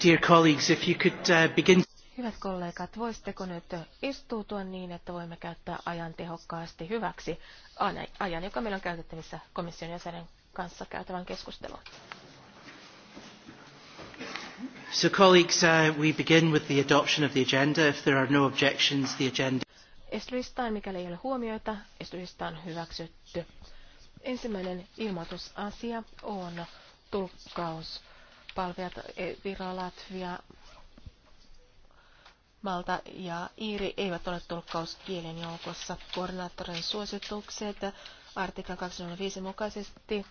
Dear colleagues, if you could uh, begin... Hyvät kollegat, voisitteko nyt istuutua niin, että voimme käyttää ajan tehokkaasti hyväksi, ajan, joka meillä on käytettävissä komission jäsenen kanssa käytävän keskusteluun. So colleagues, uh, we begin with the adoption of the agenda. If there are no objections, the agenda... Estylistaan, mikäli ei ole huomioita, estylistaan hyväksytty. Ensimmäinen ilmoitusasia on tulkkaus palvelijat e, Viro, Latvia, Malta ja Iiri eivät ole tulkkauskielen joukossa. Koordinaattorin suositukset artiklan 25 mukaisesti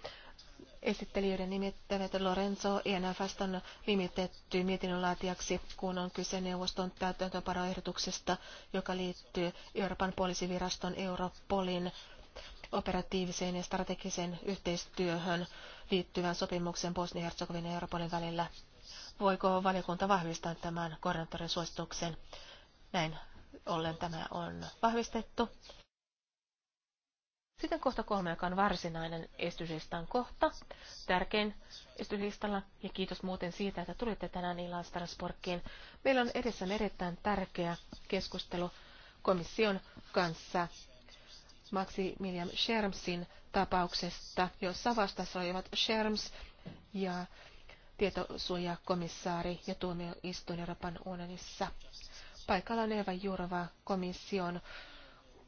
esittelijöiden nimittävät Lorenzo INFstä e on nimitetty mietinnönlaatijaksi, kun on kyse neuvoston täytäntöparoehdotuksesta, joka liittyy Euroopan poliisiviraston Europolin operatiiviseen ja strategiseen yhteistyöhön liittyvän sopimuksen bosnia herzegovina ja Euroopan välillä. Voiko valiokunta vahvistaa tämän koordinaattorin suosituksen? Näin ollen tämä on vahvistettu. Sitten kohta kolme, joka on varsinainen estyslistan kohta, tärkein estyslistalla, ja kiitos muuten siitä, että tulitte tänään illan Strasbourgiin. Meillä on edessä erittäin tärkeä keskustelu komission kanssa Maximilian Schermsin tapauksesta, jossa vastassa olivat Scherms ja tietosuojakomissaari ja tuomioistuin Euroopan unionissa. Paikalla on Eva Jurva, komission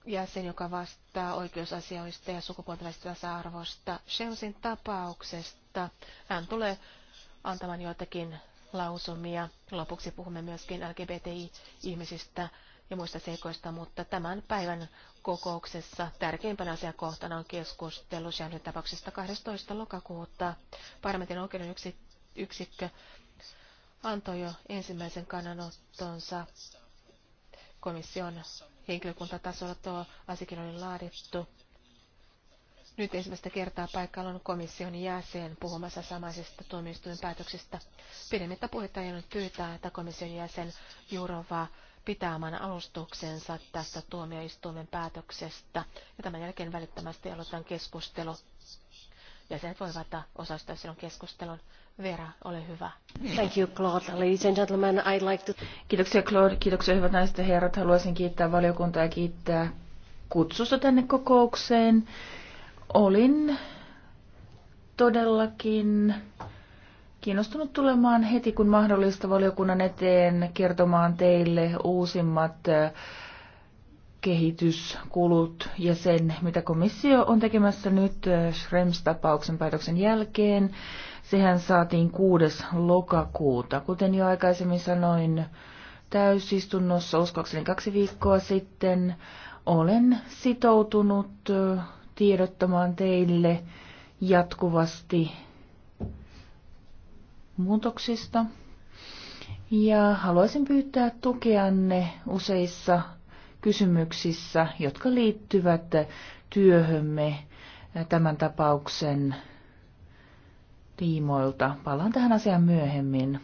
jäsen, joka vastaa oikeusasioista ja sukupuolten välistä tasa-arvosta. Schermsin tapauksesta hän tulee antamaan joitakin lausumia. Lopuksi puhumme myöskin LGBTI-ihmisistä ja muista seikoista, mutta tämän päivän kokouksessa tärkeimpänä asiakohtana on keskustelu Shannon tapauksesta 12. lokakuuta. Parlamentin oikeuden yksikkö antoi jo ensimmäisen kannanottonsa komission henkilökuntatasolla tuo asiakirja oli laadittu. Nyt ensimmäistä kertaa paikalla on komission jäsen puhumassa samaisesta tuomioistuimen päätöksestä. Pidemmittä puhetta ei pyytää, että komission jäsen Jurova oman alustuksensa tästä tuomioistuimen päätöksestä. Ja tämän jälkeen välittömästi aloitan keskustelu. voi voivat osallistua silloin keskustelun. Vera, ole hyvä. Thank you, Claude. Ladies and gentlemen, I'd like to... Kiitoksia, Claude. Kiitoksia, hyvät naiset ja herrat. Haluaisin kiittää valiokuntaa ja kiittää kutsusta tänne kokoukseen. Olin todellakin kiinnostunut tulemaan heti kun mahdollista valiokunnan eteen kertomaan teille uusimmat kehityskulut ja sen, mitä komissio on tekemässä nyt Schrems-tapauksen päätöksen jälkeen. Sehän saatiin 6. lokakuuta. Kuten jo aikaisemmin sanoin täysistunnossa, uskoakseni kaksi viikkoa sitten, olen sitoutunut tiedottamaan teille jatkuvasti muutoksista. Ja haluaisin pyytää tukeanne useissa kysymyksissä, jotka liittyvät työhömme tämän tapauksen tiimoilta. Palaan tähän asiaan myöhemmin.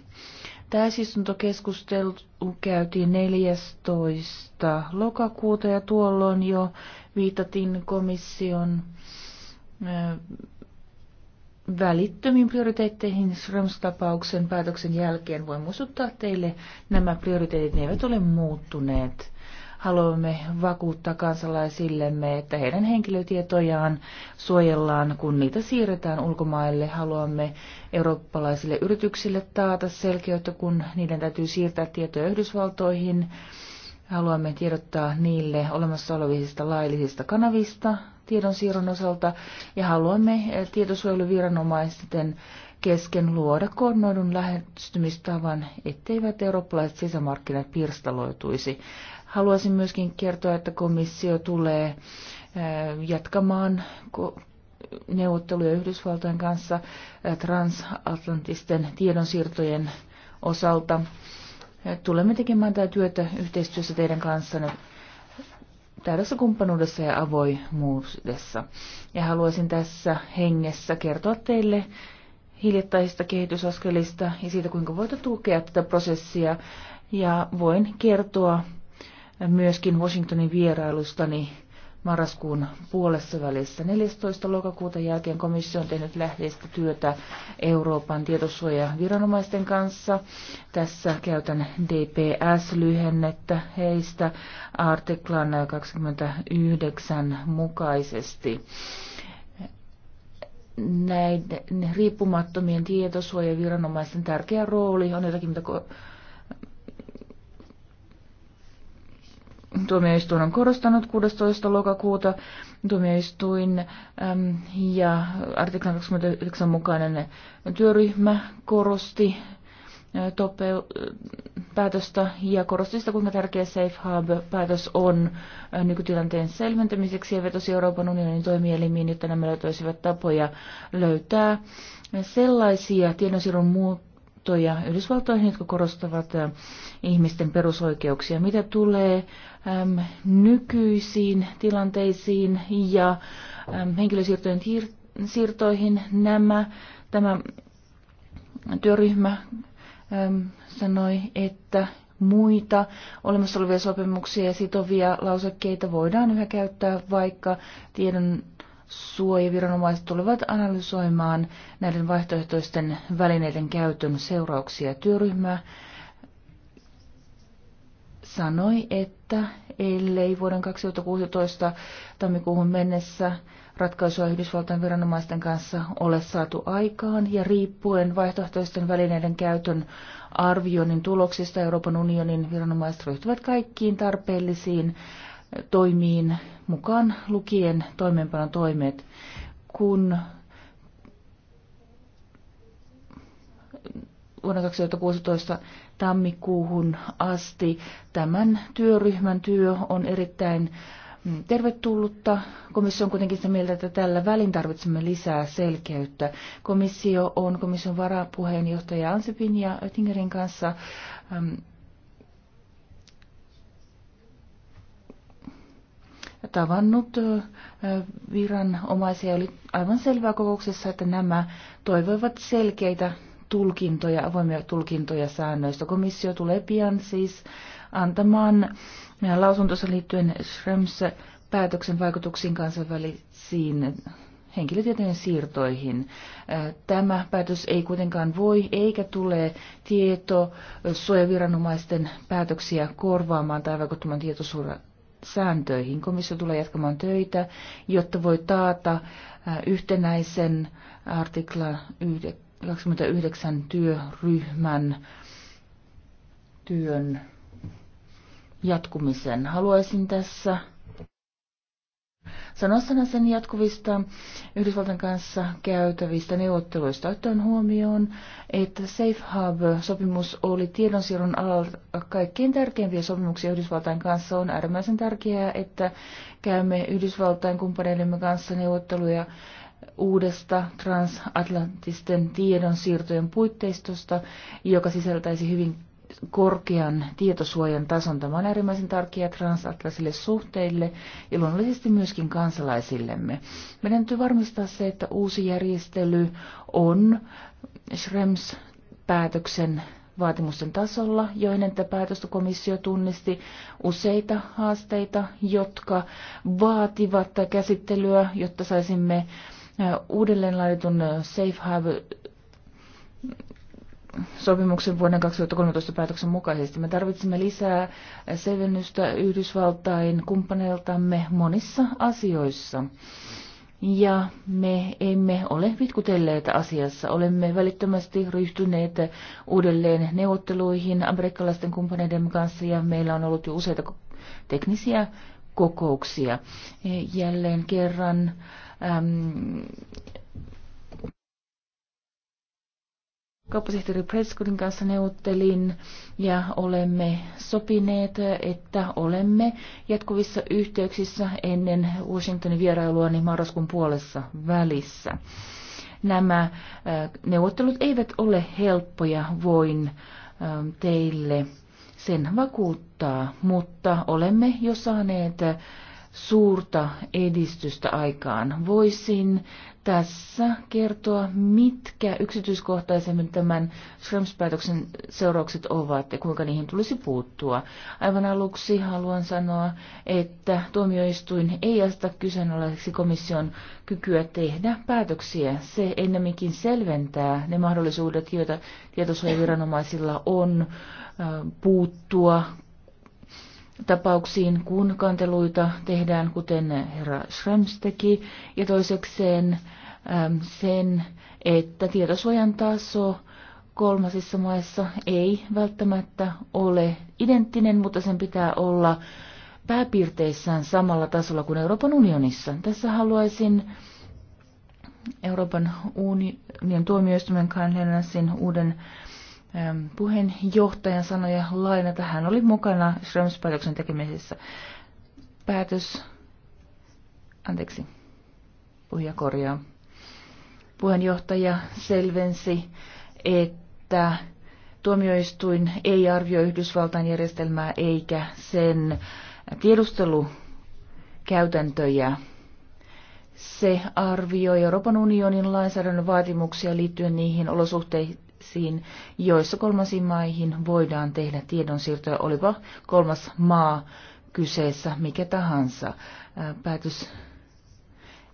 Täysistuntokeskustelu käytiin 14. lokakuuta ja tuolloin jo viitatin komission välittömiin prioriteetteihin Schrems-tapauksen päätöksen jälkeen. Voin muistuttaa teille, nämä prioriteetit ne eivät ole muuttuneet. Haluamme vakuuttaa kansalaisillemme, että heidän henkilötietojaan suojellaan, kun niitä siirretään ulkomaille. Haluamme eurooppalaisille yrityksille taata selkeyttä, kun niiden täytyy siirtää tietoja Yhdysvaltoihin. Haluamme tiedottaa niille olemassa olevista laillisista kanavista, tiedonsiirron osalta ja haluamme tietosuojeluviranomaisten kesken luoda koordinoidun lähestymistavan, etteivät eurooppalaiset sisämarkkinat pirstaloituisi. Haluaisin myöskin kertoa, että komissio tulee jatkamaan neuvotteluja Yhdysvaltojen kanssa transatlanttisten tiedonsiirtojen osalta. Tulemme tekemään tätä työtä yhteistyössä teidän kanssanne täydessä kumppanuudessa ja avoimuudessa. Ja haluaisin tässä hengessä kertoa teille hiljattaisista kehitysaskelista ja siitä, kuinka voitte tukea tätä prosessia. Ja voin kertoa myöskin Washingtonin vierailustani niin marraskuun puolessa välissä. 14. lokakuuta jälkeen komissio on tehnyt lähteistä työtä Euroopan tietosuojaviranomaisten kanssa. Tässä käytän DPS-lyhennettä heistä artiklan 29 mukaisesti näiden riippumattomien tietosuojaviranomaisten tärkeä rooli on jotakin, mitä tuomioistuin on korostanut 16. lokakuuta tuomioistuin äm, ja artiklan 29 mukainen työryhmä korosti tope- päätöstä ja korosti sitä, kuinka tärkeä Safe Hub-päätös on nykytilanteen selventämiseksi ja vetosi Euroopan unionin toimielimiin, jotta nämä löytäisivät tapoja löytää sellaisia tiedonsiirron muut liittoja Yhdysvaltoihin, jotka korostavat ihmisten perusoikeuksia. Mitä tulee äm, nykyisiin tilanteisiin ja äm, henkilösiirtojen tiir- siirtoihin, nämä, tämä työryhmä äm, sanoi, että muita olemassa olevia sopimuksia ja sitovia lausekkeita voidaan yhä käyttää, vaikka tiedon suojaviranomaiset tulevat analysoimaan näiden vaihtoehtoisten välineiden käytön seurauksia. Työryhmä sanoi, että ellei vuoden 2016 tammikuuhun mennessä ratkaisua Yhdysvaltain viranomaisten kanssa ole saatu aikaan ja riippuen vaihtoehtoisten välineiden käytön arvioinnin tuloksista Euroopan unionin viranomaiset ryhtyvät kaikkiin tarpeellisiin toimiin mukaan lukien toimeenpanon toimet, kun vuonna 2016 tammikuuhun asti tämän työryhmän työ on erittäin tervetullutta. Komissio on kuitenkin sitä mieltä, että tällä välin tarvitsemme lisää selkeyttä. Komissio on komission varapuheenjohtaja Ansipin ja Oettingerin kanssa tavannut viranomaisia. Oli aivan selvää kokouksessa, että nämä toivoivat selkeitä tulkintoja, avoimia tulkintoja säännöistä. Komissio tulee pian siis antamaan lausuntonsa liittyen Schrems-päätöksen vaikutuksiin kansainvälisiin henkilötietojen siirtoihin. Tämä päätös ei kuitenkaan voi eikä tule tieto suojaviranomaisten päätöksiä korvaamaan tai vaikuttamaan tietosuoja sääntöihin. Komissio tulee jatkamaan töitä, jotta voi taata yhtenäisen artikla 29 työryhmän työn jatkumisen. Haluaisin tässä sanoa sen jatkuvista Yhdysvaltain kanssa käytävistä neuvotteluista. Ottaen huomioon, että Safe Hub-sopimus oli tiedonsiirron alalla kaikkein tärkeimpiä sopimuksia Yhdysvaltain kanssa, on äärimmäisen tärkeää, että käymme Yhdysvaltain kumppaneidemme kanssa neuvotteluja uudesta transatlanttisten tiedonsiirtojen puitteistosta, joka sisältäisi hyvin korkean tietosuojan tason. Tämä on äärimmäisen tärkeää transatlanttisille suhteille ja luonnollisesti myöskin kansalaisillemme. Meidän täytyy varmistaa se, että uusi järjestely on Schrems-päätöksen vaatimusten tasolla, jo ennen tätä päätöstä komissio tunnisti useita haasteita, jotka vaativat käsittelyä, jotta saisimme uudelleen Safe Have sopimuksen vuoden 2013 päätöksen mukaisesti. Me tarvitsemme lisää selvennystä Yhdysvaltain kumppaneiltamme monissa asioissa. Ja me emme ole vitkutelleet asiassa. Olemme välittömästi ryhtyneet uudelleen neuvotteluihin amerikkalaisten kumppaneiden kanssa ja meillä on ollut jo useita teknisiä kokouksia. Jälleen kerran äm, kauppasihteeri Preskudin kanssa neuvottelin ja olemme sopineet, että olemme jatkuvissa yhteyksissä ennen Washingtonin vierailua niin marraskuun puolessa välissä. Nämä äh, neuvottelut eivät ole helppoja, voin äh, teille sen vakuuttaa, mutta olemme jo saaneet suurta edistystä aikaan. Voisin tässä kertoa, mitkä yksityiskohtaisemmin tämän Schrems-päätöksen seuraukset ovat ja kuinka niihin tulisi puuttua. Aivan aluksi haluan sanoa, että tuomioistuin ei asta kyseenalaiseksi komission kykyä tehdä päätöksiä. Se ennemminkin selventää ne mahdollisuudet, joita tietosuojaviranomaisilla on puuttua tapauksiin, kun kanteluita tehdään, kuten herra Schrems teki, ja toisekseen ähm, sen, että tietosuojan taso kolmasissa maissa ei välttämättä ole identtinen, mutta sen pitää olla pääpiirteissään samalla tasolla kuin Euroopan unionissa. Tässä haluaisin Euroopan unionin tuomioistuimen Karl uuden puheenjohtajan sanoja lainata. Hän oli mukana Schrems-päätöksen tekemisessä. Päätös, anteeksi, puhuja korjaa. Puheenjohtaja selvensi, että tuomioistuin ei arvioi Yhdysvaltain järjestelmää eikä sen tiedustelukäytäntöjä. Se arvioi Euroopan unionin lainsäädännön vaatimuksia liittyen niihin olosuhteisiin, prosessiin, joissa kolmansiin maihin voidaan tehdä tiedonsiirtoja, olipa kolmas maa kyseessä mikä tahansa. Päätös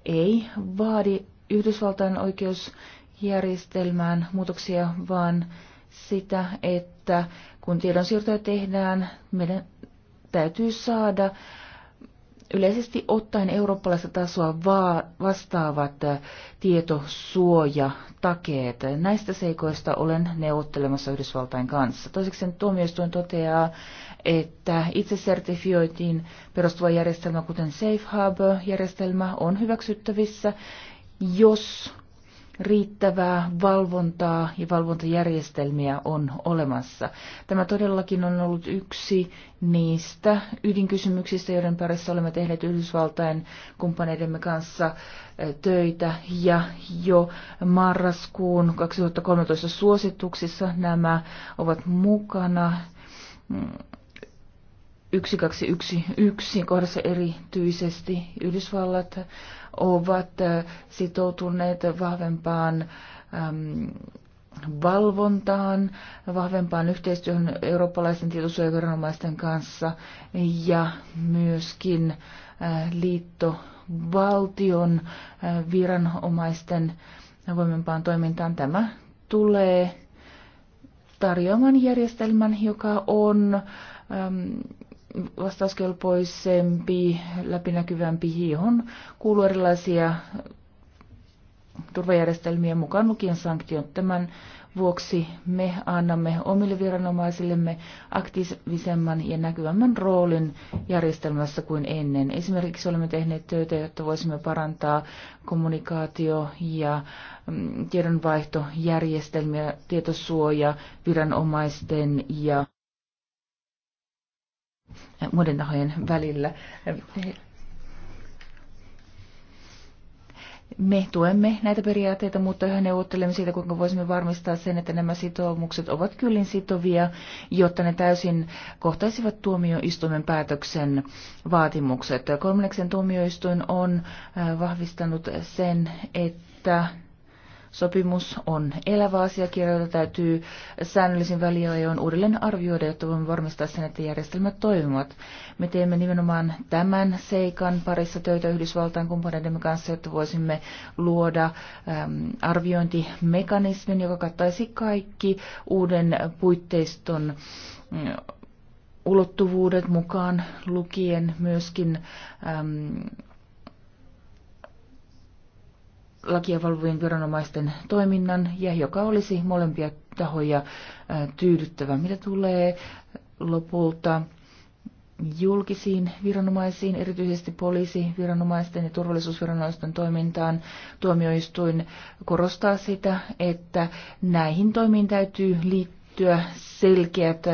ei vaadi Yhdysvaltain oikeusjärjestelmään muutoksia, vaan sitä, että kun tiedonsiirtoja tehdään, meidän täytyy saada Yleisesti ottaen eurooppalaista tasoa vastaavat äh, tietosuojatakeet. Näistä seikoista olen neuvottelemassa Yhdysvaltain kanssa. Toiseksi tuomioistuin toteaa, että sertifioitiin perustuva järjestelmä, kuten Safe Harbor-järjestelmä, on hyväksyttävissä, jos riittävää valvontaa ja valvontajärjestelmiä on olemassa. Tämä todellakin on ollut yksi niistä ydinkysymyksistä, joiden parissa olemme tehneet Yhdysvaltain kumppaneidemme kanssa töitä ja jo marraskuun 2013 suosituksissa nämä ovat mukana. 1211 mm, kohdassa erityisesti Yhdysvallat ovat sitoutuneet vahvempaan valvontaan, vahvempaan yhteistyöhön eurooppalaisten tietosuojaviranomaisten kanssa ja myöskin liittovaltion viranomaisten voimempaan toimintaan. Tämä tulee tarjoamaan järjestelmän, joka on vastauskelpoisempi, läpinäkyvämpi, hiihon kuuluu erilaisia turvajärjestelmiä mukaan lukien sanktiot. Tämän vuoksi me annamme omille viranomaisillemme aktiivisemman ja näkyvämmän roolin järjestelmässä kuin ennen. Esimerkiksi olemme tehneet töitä, jotta voisimme parantaa kommunikaatio- ja mm, tiedonvaihtojärjestelmiä, tietosuoja viranomaisten ja muiden tahojen välillä. Me tuemme näitä periaatteita, mutta yhä neuvottelemme siitä, kuinka voisimme varmistaa sen, että nämä sitoumukset ovat kyllin sitovia, jotta ne täysin kohtaisivat tuomioistuimen päätöksen vaatimukset. Kolmanneksen tuomioistuin on äh, vahvistanut sen, että Sopimus on elävä asiakirja, jota täytyy säännöllisin väliajoin uudelleen arvioida, jotta voimme varmistaa sen, että järjestelmät toimivat. Me teemme nimenomaan tämän seikan parissa töitä Yhdysvaltain kumppaneidemme kanssa, jotta voisimme luoda äm, arviointimekanismin, joka kattaisi kaikki uuden puitteiston ulottuvuudet mukaan lukien myöskin äm, lakia valvojen viranomaisten toiminnan ja joka olisi molempia tahoja tyydyttävä. Mitä tulee lopulta julkisiin viranomaisiin, erityisesti poliisiviranomaisten ja turvallisuusviranomaisten toimintaan. Tuomioistuin korostaa sitä, että näihin toimiin täytyy liittyä selkeät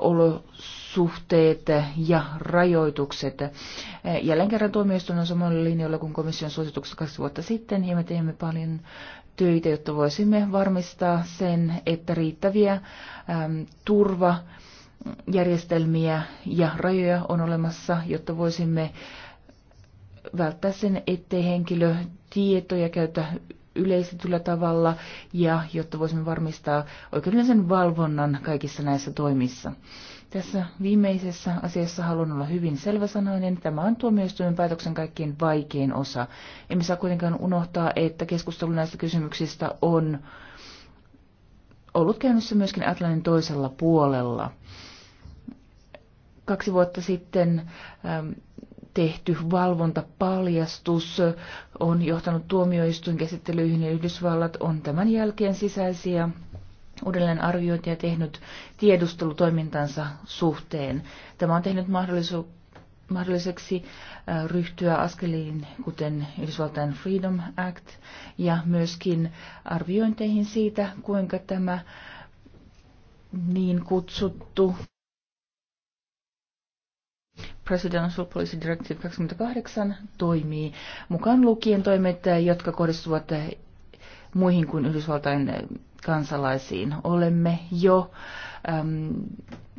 olosuhteet suhteet ja rajoitukset. Jälleen kerran tuomioistuin on samalla linjalla kuin komission suositukset kaksi vuotta sitten, ja me teemme paljon töitä, jotta voisimme varmistaa sen, että riittäviä äm, turva järjestelmiä ja rajoja on olemassa, jotta voisimme välttää sen, ettei henkilö tietoja käytä yleistetyllä tavalla ja jotta voisimme varmistaa oikeudellisen valvonnan kaikissa näissä toimissa. Tässä viimeisessä asiassa haluan olla hyvin selväsanainen. Tämä on tuomioistuimen päätöksen kaikkein vaikein osa. Emme saa kuitenkaan unohtaa, että keskustelu näistä kysymyksistä on ollut käynnissä myöskin Atlantin toisella puolella. Kaksi vuotta sitten ähm, tehty valvontapaljastus on johtanut tuomioistuinkäsittelyihin ja Yhdysvallat on tämän jälkeen sisäisiä uudelleen arviointia tehnyt tiedustelutoimintansa suhteen. Tämä on tehnyt mahdollisu- mahdolliseksi äh, ryhtyä askeliin, kuten Yhdysvaltain Freedom Act, ja myöskin arviointeihin siitä, kuinka tämä niin kutsuttu Presidential Policy Directive 28 toimii mukaan lukien toimet, jotka kohdistuvat muihin kuin Yhdysvaltain kansalaisiin. Olemme jo äm,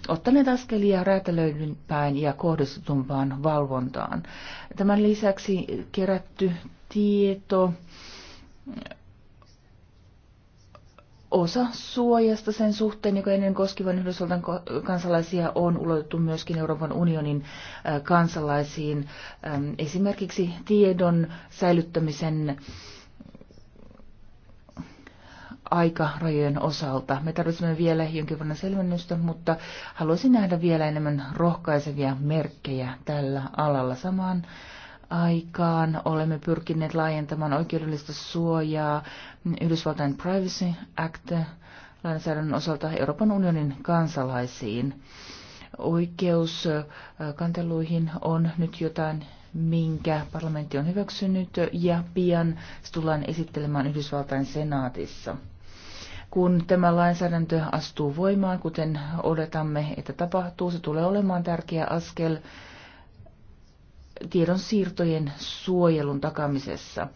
ottaneet askelia räätälöidympään ja kohdistetumpaan valvontaan. Tämän lisäksi kerätty tieto osa suojasta sen suhteen, joka ennen koskivan Yhdysvaltain kansalaisia on ulotettu myöskin Euroopan unionin äh, kansalaisiin. Ähm, esimerkiksi tiedon säilyttämisen äh, aikarajojen osalta. Me tarvitsemme vielä jonkin verran selvennystä, mutta haluaisin nähdä vielä enemmän rohkaisevia merkkejä tällä alalla samaan aikaan olemme pyrkineet laajentamaan oikeudellista suojaa Yhdysvaltain Privacy Act lainsäädännön osalta Euroopan unionin kansalaisiin. Oikeus kanteluihin on nyt jotain, minkä parlamentti on hyväksynyt ja pian se tullaan esittelemään Yhdysvaltain senaatissa. Kun tämä lainsäädäntö astuu voimaan, kuten odotamme, että tapahtuu, se tulee olemaan tärkeä askel tiedon siirtojen suojelun takamisessa.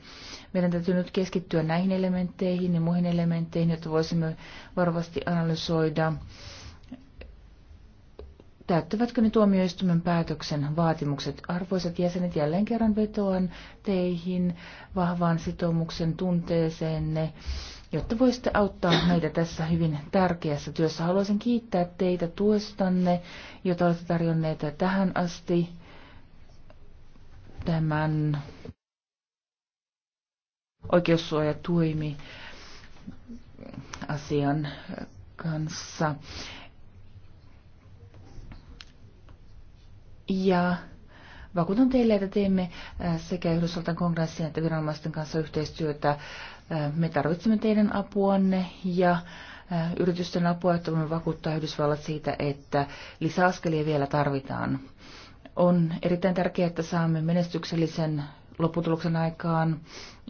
Meidän täytyy nyt keskittyä näihin elementteihin ja muihin elementteihin, joita voisimme varovasti analysoida, täyttävätkö ne tuomioistuimen päätöksen vaatimukset. Arvoisat jäsenet, jälleen kerran vetoan teihin vahvaan sitoumuksen tunteeseenne, jotta voisitte auttaa meitä tässä hyvin tärkeässä työssä. Haluaisin kiittää teitä tuestanne, jota olette tarjonneet tähän asti tämän oikeussuojatuimi asian kanssa. Ja vakuutan teille, että teemme äh, sekä Yhdysvaltain kongressin että viranomaisten kanssa yhteistyötä. Äh, me tarvitsemme teidän apuanne ja äh, yritysten apua, että voimme vakuuttaa Yhdysvallat siitä, että lisäaskelia vielä tarvitaan. On erittäin tärkeää, että saamme menestyksellisen lopputuloksen aikaan.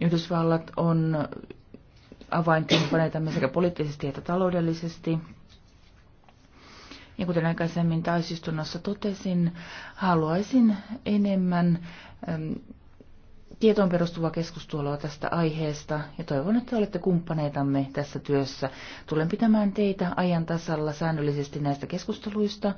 Yhdysvallat on avainkumppaneitamme sekä poliittisesti että taloudellisesti. Ja kuten aikaisemmin taisistunnossa totesin, haluaisin enemmän äm, tietoon perustuvaa keskustelua tästä aiheesta ja toivon, että olette kumppaneitamme tässä työssä. Tulen pitämään teitä ajan tasalla säännöllisesti näistä keskusteluista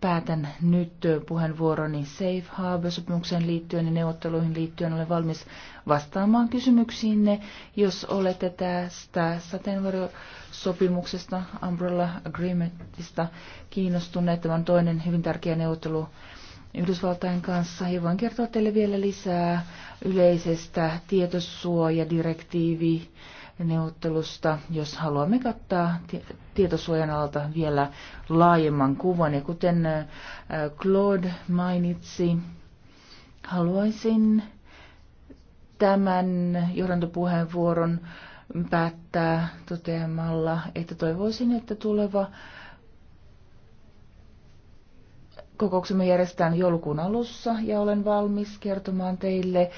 päätän nyt puheenvuoroni Safe Harbor-sopimukseen liittyen ja neuvotteluihin liittyen. Olen valmis vastaamaan kysymyksiinne, jos olette tästä sateenvarjosopimuksesta, Umbrella Agreementista kiinnostuneet. Tämä on toinen hyvin tärkeä neuvottelu Yhdysvaltain kanssa ja voin kertoa teille vielä lisää yleisestä tietosuojadirektiivi neuvottelusta, jos haluamme kattaa tietosuojan alta vielä laajemman kuvan. Ja kuten Claude mainitsi, haluaisin tämän johdantopuheenvuoron päättää toteamalla, että toivoisin, että tuleva kokouksemme järjestetään joulukuun alussa ja olen valmis kertomaan teille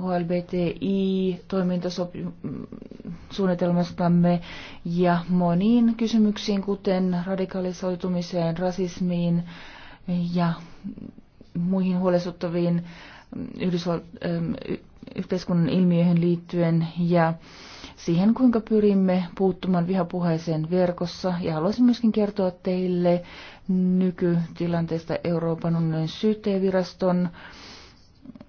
HLBTI-toimintasuunnitelmastamme ähm, ja moniin kysymyksiin, kuten radikalisoitumiseen, rasismiin ja muihin huolestuttaviin Yhdysval- ähm, yhteiskunnan ilmiöihin liittyen ja siihen, kuinka pyrimme puuttumaan vihapuheeseen verkossa. Ja haluaisin myöskin kertoa teille nykytilanteesta Euroopan unionin syyttäjäviraston viraston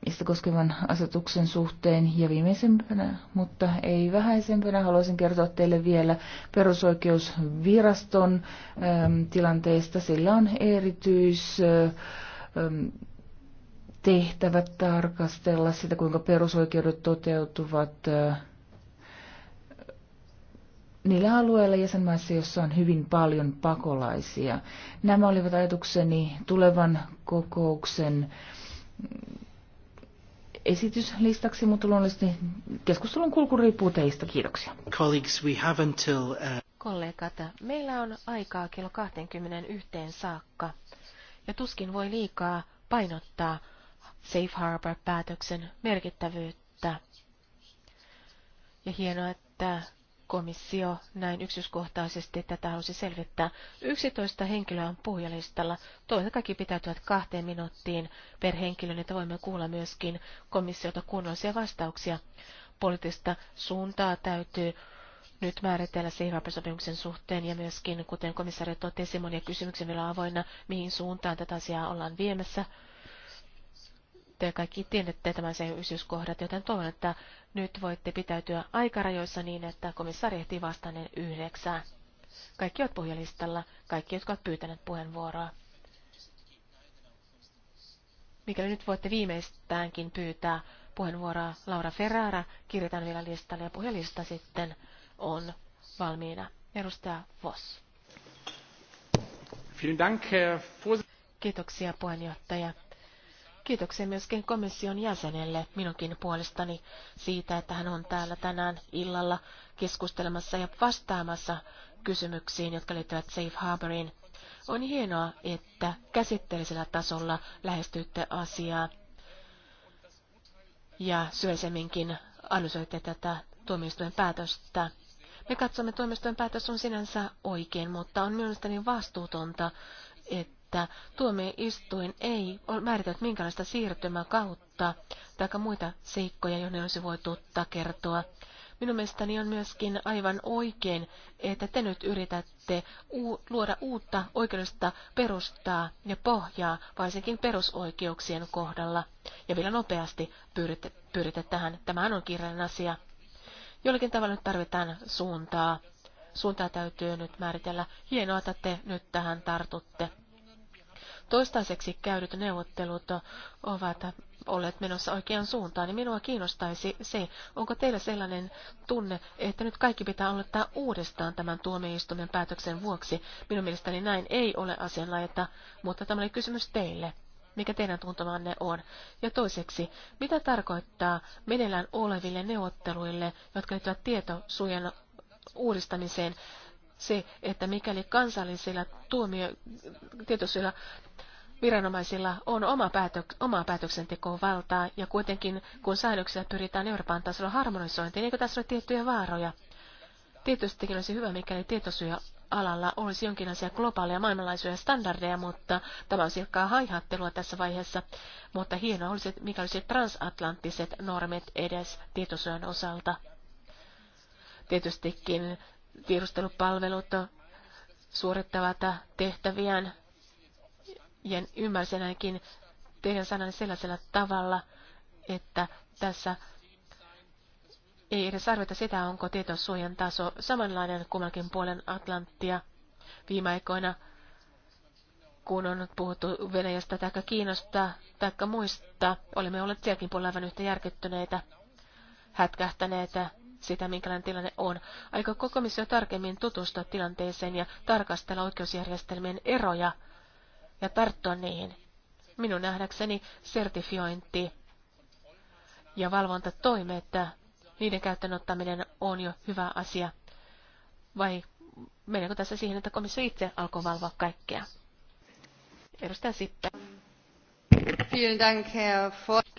mistä koskevan asetuksen suhteen. Ja viimeisempänä, mutta ei vähäisempänä, haluaisin kertoa teille vielä perusoikeusviraston äm, tilanteesta. Sillä on erityis... Äm, tehtävät tarkastella sitä, kuinka perusoikeudet toteutuvat äh, niillä alueilla jäsenmaissa, joissa on hyvin paljon pakolaisia. Nämä olivat ajatukseni tulevan kokouksen esityslistaksi, mutta luonnollisesti keskustelun kulku riippuu teistä. Kiitoksia. Colleagues, we have until, uh... Kollegat, meillä on aikaa kello 21 saakka, ja tuskin voi liikaa painottaa Safe Harbor-päätöksen merkittävyyttä. Ja hienoa, että komissio näin yksityiskohtaisesti tätä halusi selvittää. 11 henkilöä on puhujalistalla. Toiset kaikki pitäytyvät kahteen minuuttiin per henkilö, niin että voimme kuulla myöskin komissiota kunnollisia vastauksia. Poliittista suuntaa täytyy nyt määritellä sivapesopimuksen suhteen ja myöskin, kuten komissaari totesi, monia kysymyksiä vielä avoinna, mihin suuntaan tätä asiaa ollaan viemässä te kaikki tiedätte tämän yksityiskohdat, joten toivon, että nyt voitte pitäytyä aikarajoissa niin, että komissaari ehtii vastainen yhdeksään. Kaikki ovat puhujalistalla, kaikki, jotka ovat pyytäneet puheenvuoroa. Mikäli nyt voitte viimeistäänkin pyytää puheenvuoroa Laura Ferrara, kirjoitan vielä listalle ja puhelista sitten on valmiina. Edustaja Voss. Kiitoksia puheenjohtaja. Kiitoksia myöskin komission jäsenelle minunkin puolestani siitä, että hän on täällä tänään illalla keskustelemassa ja vastaamassa kysymyksiin, jotka liittyvät Safe Harboriin. On hienoa, että käsitteellisellä tasolla lähestyitte asiaa ja syösemminkin analysoitte tätä tuomioistuin päätöstä. Me katsomme tuomioistuin päätös on sinänsä oikein, mutta on mielestäni vastuutonta, että että tuomioistuin ei ole määritellyt minkälaista siirtymäkautta tai muita seikkoja, joihin olisi voitu kertoa. Minun mielestäni on myöskin aivan oikein, että te nyt yritätte u- luoda uutta oikeudellista perustaa ja pohjaa, varsinkin perusoikeuksien kohdalla. Ja vielä nopeasti pyritte, pyritte tähän. Tämähän on kirjan asia. Jollakin tavalla nyt tarvitaan suuntaa. Suuntaa täytyy nyt määritellä. Hienoa, että te nyt tähän tartutte. Toistaiseksi käydyt neuvottelut ovat olleet menossa oikeaan suuntaan, niin minua kiinnostaisi se, onko teillä sellainen tunne, että nyt kaikki pitää aloittaa uudestaan tämän tuomioistuimen päätöksen vuoksi. Minun mielestäni näin ei ole asianlaita, mutta tämä oli kysymys teille. Mikä teidän tuntumanne on? Ja toiseksi, mitä tarkoittaa meneillään oleville neuvotteluille, jotka liittyvät tietosuojan uudistamiseen se, että mikäli kansallisilla tuomio, tietoisilla viranomaisilla on oma päätök- omaa päätöksentekoon valtaa, ja kuitenkin kun säännöksiä pyritään Euroopan tasolla harmonisointiin, eikö tässä ole tiettyjä vaaroja? Tietystikin olisi hyvä, mikäli tietosuoja alalla olisi jonkinlaisia globaaleja maailmanlaisuja standardeja, mutta tämä on silkkaa haihattelua tässä vaiheessa. Mutta hienoa olisi, mikä olisi transatlanttiset normit edes tietosuojan osalta. Tietystikin tiedustelupalvelut suorittavat tehtäviään. Ja ymmärsin ainakin teidän sanan sellaisella tavalla, että tässä ei edes arvita sitä, onko tietosuojan taso samanlainen kummankin puolen Atlanttia. Viime aikoina, kun on puhuttu Venäjästä tai Kiinasta tai muista, olemme olleet sielläkin puolella aivan yhtä järkyttyneitä, hätkähtäneitä sitä, minkälainen tilanne on. aika komissio tarkemmin tutustua tilanteeseen ja tarkastella oikeusjärjestelmien eroja ja tarttua niihin? Minun nähdäkseni sertifiointi ja että niiden käyttöön ottaminen on jo hyvä asia. Vai meneekö tässä siihen, että komissio itse alkoi valvoa kaikkea? Edustaja Sippe.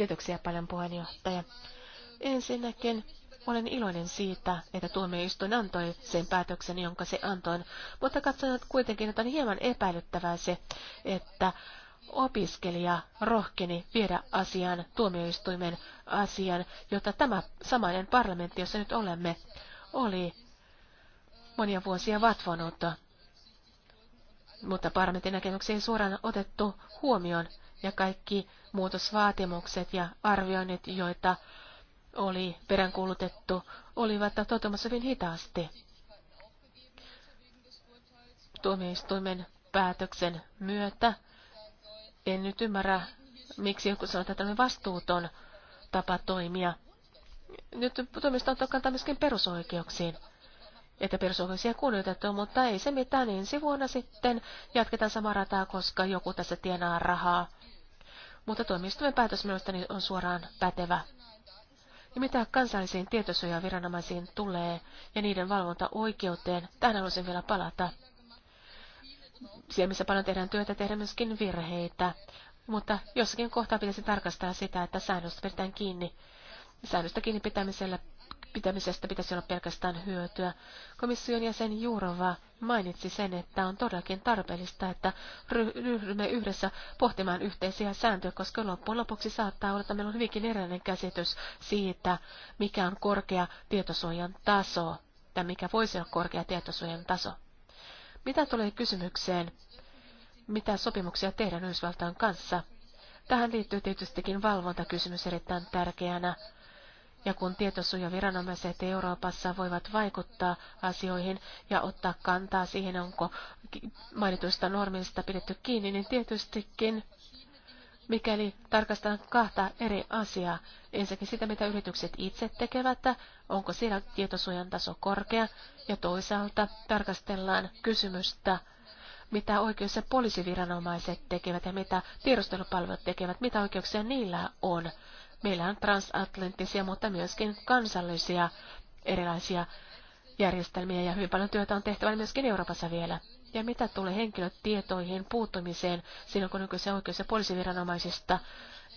Kiitoksia paljon puheenjohtaja. Ensinnäkin olen iloinen siitä, että tuomioistuin antoi sen päätöksen, jonka se antoi, mutta katson että kuitenkin, että on hieman epäilyttävää se, että opiskelija rohkeni viedä asian tuomioistuimen asian, jotta tämä samainen parlamentti, jossa nyt olemme, oli monia vuosia vatvonut. Mutta parlamentin näkemyksiä ei suoraan otettu huomioon ja kaikki muutosvaatimukset ja arvioinnit, joita oli peräänkuulutettu, olivat toteutumassa hyvin hitaasti. Tuomioistuimen päätöksen myötä en nyt ymmärrä, miksi joku sanoo, että tämä vastuuton tapa toimia. Nyt tuomista on kantaa myöskin perusoikeuksiin että perusoikeuksia kunnioitettu, mutta ei se mitään ensi vuonna sitten jatketaan samaa rataa, koska joku tässä tienaa rahaa. Mutta tuomioistuimen päätös mielestäni on suoraan pätevä. Ja mitä kansallisiin tietosuojaviranomaisiin tulee ja niiden valvontaoikeuteen, tähän haluaisin vielä palata. Siellä, missä paljon tehdään työtä, tehdään myöskin virheitä. Mutta jossakin kohtaa pitäisi tarkastaa sitä, että säännöstä pidetään kiinni. Säännöstä kiinni pitämisellä pitämisestä pitäisi olla pelkästään hyötyä. Komission jäsen Jurova mainitsi sen, että on todellakin tarpeellista, että ryhdymme yhdessä pohtimaan yhteisiä sääntöjä, koska loppujen lopuksi saattaa olla, että meillä on hyvinkin erilainen käsitys siitä, mikä on korkea tietosuojan taso tai mikä voisi olla korkea tietosuojan taso. Mitä tulee kysymykseen, mitä sopimuksia tehdään Yhdysvaltain kanssa? Tähän liittyy tietystikin valvontakysymys erittäin tärkeänä ja kun tietosuojaviranomaiset Euroopassa voivat vaikuttaa asioihin ja ottaa kantaa siihen, onko mainituista normista pidetty kiinni, niin tietystikin mikäli tarkastetaan kahta eri asiaa, ensinnäkin sitä, mitä yritykset itse tekevät, onko siellä tietosuojan taso korkea, ja toisaalta tarkastellaan kysymystä, mitä oikeus- ja poliisiviranomaiset tekevät ja mitä tiedustelupalvelut tekevät, mitä oikeuksia niillä on Meillä on transatlanttisia, mutta myöskin kansallisia erilaisia järjestelmiä ja hyvin paljon työtä on tehtävä myöskin Euroopassa vielä. Ja mitä tulee henkilötietoihin puuttumiseen silloin, kun nykyisiä oikeus- ja poliisiviranomaisista,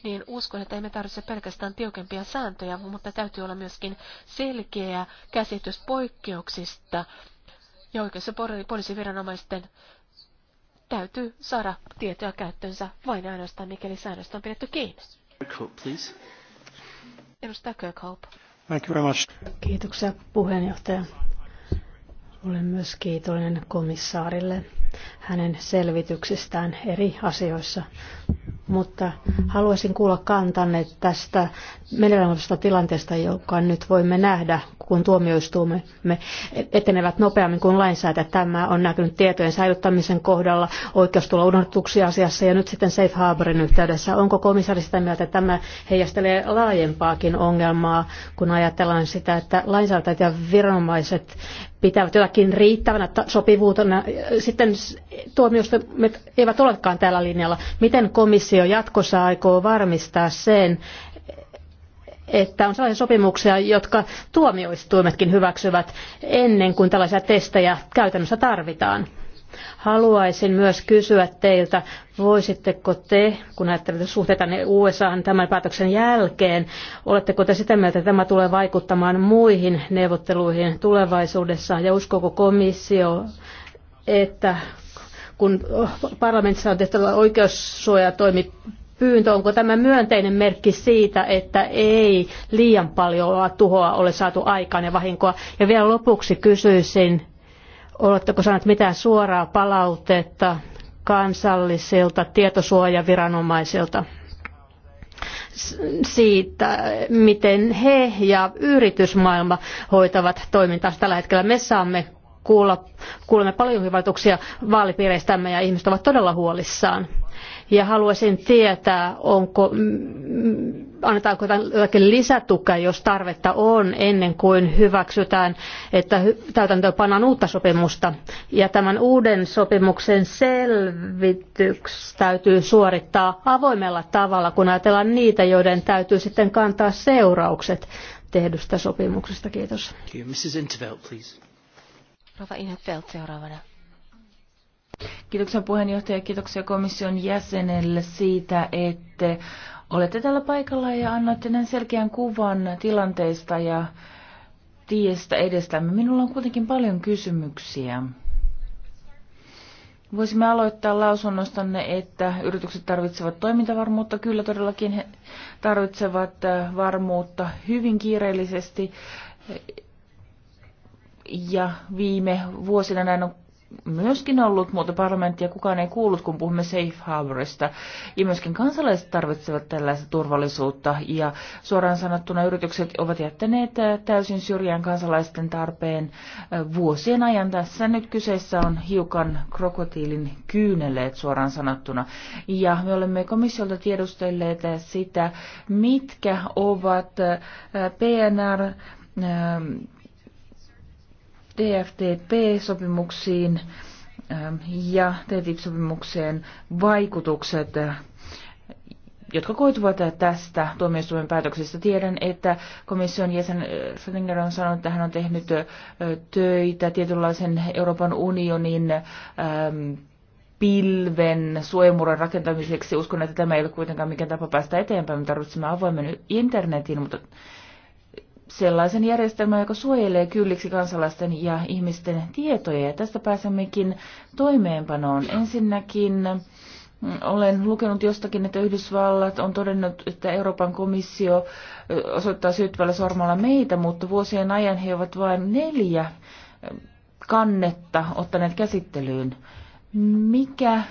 niin uskon, että emme tarvitse pelkästään tiukempia sääntöjä, mutta täytyy olla myöskin selkeä käsitys poikkeuksista. Ja oikeus- ja poliisiviranomaisten täytyy saada tietoa käyttöönsä vain ainoastaan, mikäli säännöstä on pidetty kiinni. Cool, please. Edustaja Kirkhope. Thank you very much. Kiitoksia puheenjohtaja. Olen myös kiitollinen komissaarille hänen selvityksistään eri asioissa mutta haluaisin kuulla kantanne tästä menevästä tilanteesta, joka nyt voimme nähdä, kun tuomioistuimme etenevät nopeammin kuin lainsäätäjät. Tämä on näkynyt tietojen säilyttämisen kohdalla oikeus unohtuksi asiassa ja nyt sitten Safe Harborin yhteydessä. Onko komissaari sitä mieltä, että tämä heijastelee laajempaakin ongelmaa, kun ajatellaan sitä, että lainsäätäjät ja viranomaiset pitävät jotakin riittävänä sopivuutena. Sitten tuomioistuimet eivät olekaan tällä linjalla. Miten komissio jatkossa aikoo varmistaa sen, että on sellaisia sopimuksia, jotka tuomioistuimetkin hyväksyvät ennen kuin tällaisia testejä käytännössä tarvitaan? Haluaisin myös kysyä teiltä, voisitteko te, kun ajattelette suhteita USAhan tämän päätöksen jälkeen, oletteko te sitä mieltä, että tämä tulee vaikuttamaan muihin neuvotteluihin tulevaisuudessa ja uskoko komissio, että kun parlamentissa on tehtävä oikeussuojatoimi pyyntö, onko tämä myönteinen merkki siitä, että ei liian paljon tuhoa ole saatu aikaan ja vahinkoa. Ja vielä lopuksi kysyisin, Oletteko saaneet mitään suoraa palautetta kansallisilta tietosuojaviranomaisilta siitä, miten he ja yritysmaailma hoitavat toimintaansa tällä hetkellä. Me saamme kuulla, kuulemme paljon hyvä vaalipiireistämme ja ihmiset ovat todella huolissaan ja haluaisin tietää, onko, mm, annetaanko jotakin lisätukea, jos tarvetta on, ennen kuin hyväksytään, että täytäntöön pannaan uutta sopimusta. Ja tämän uuden sopimuksen selvitys täytyy suorittaa avoimella tavalla, kun ajatellaan niitä, joiden täytyy sitten kantaa seuraukset tehdystä sopimuksesta. Kiitos. Mrs. Intervelt, please. Rova Inhefeld seuraavana. Kiitoksia puheenjohtaja ja kiitoksia komission jäsenelle siitä, että olette tällä paikalla ja annatte näin selkeän kuvan tilanteesta ja tiestä edestämme. Minulla on kuitenkin paljon kysymyksiä. Voisimme aloittaa lausunnostanne, että yritykset tarvitsevat toimintavarmuutta. Kyllä todellakin he tarvitsevat äh, varmuutta hyvin kiireellisesti ja viime vuosina näin on myöskin ollut, mutta parlamenttia kukaan ei kuullut, kun puhumme safe harborista. Ja myöskin kansalaiset tarvitsevat tällaista turvallisuutta. Ja suoraan sanottuna yritykset ovat jättäneet äh, täysin syrjään kansalaisten tarpeen äh, vuosien ajan. Tässä nyt kyseessä on hiukan krokotiilin kyyneleet suoraan sanottuna. Ja me olemme komissiolta tiedustelleet äh, sitä, mitkä ovat PNR DFTP-sopimuksiin ähm, ja TTIP-sopimukseen vaikutukset, äh, jotka koituvat tästä tuomioistuimen päätöksestä. Tiedän, että komission jäsen äh, Schrödinger on sanonut, että hän on tehnyt äh, töitä tietynlaisen Euroopan unionin ähm, pilven suojemuran rakentamiseksi. Uskon, että tämä ei ole kuitenkaan mikään tapa päästä eteenpäin. Me tarvitsemme avoimen internetin, mutta sellaisen järjestelmän, joka suojelee kylliksi kansalaisten ja ihmisten tietoja. Ja tästä pääsemmekin toimeenpanoon. Ensinnäkin mm, olen lukenut jostakin, että Yhdysvallat on todennut, että Euroopan komissio osoittaa syyttävällä sormalla meitä, mutta vuosien ajan he ovat vain neljä kannetta ottaneet käsittelyyn. Mikä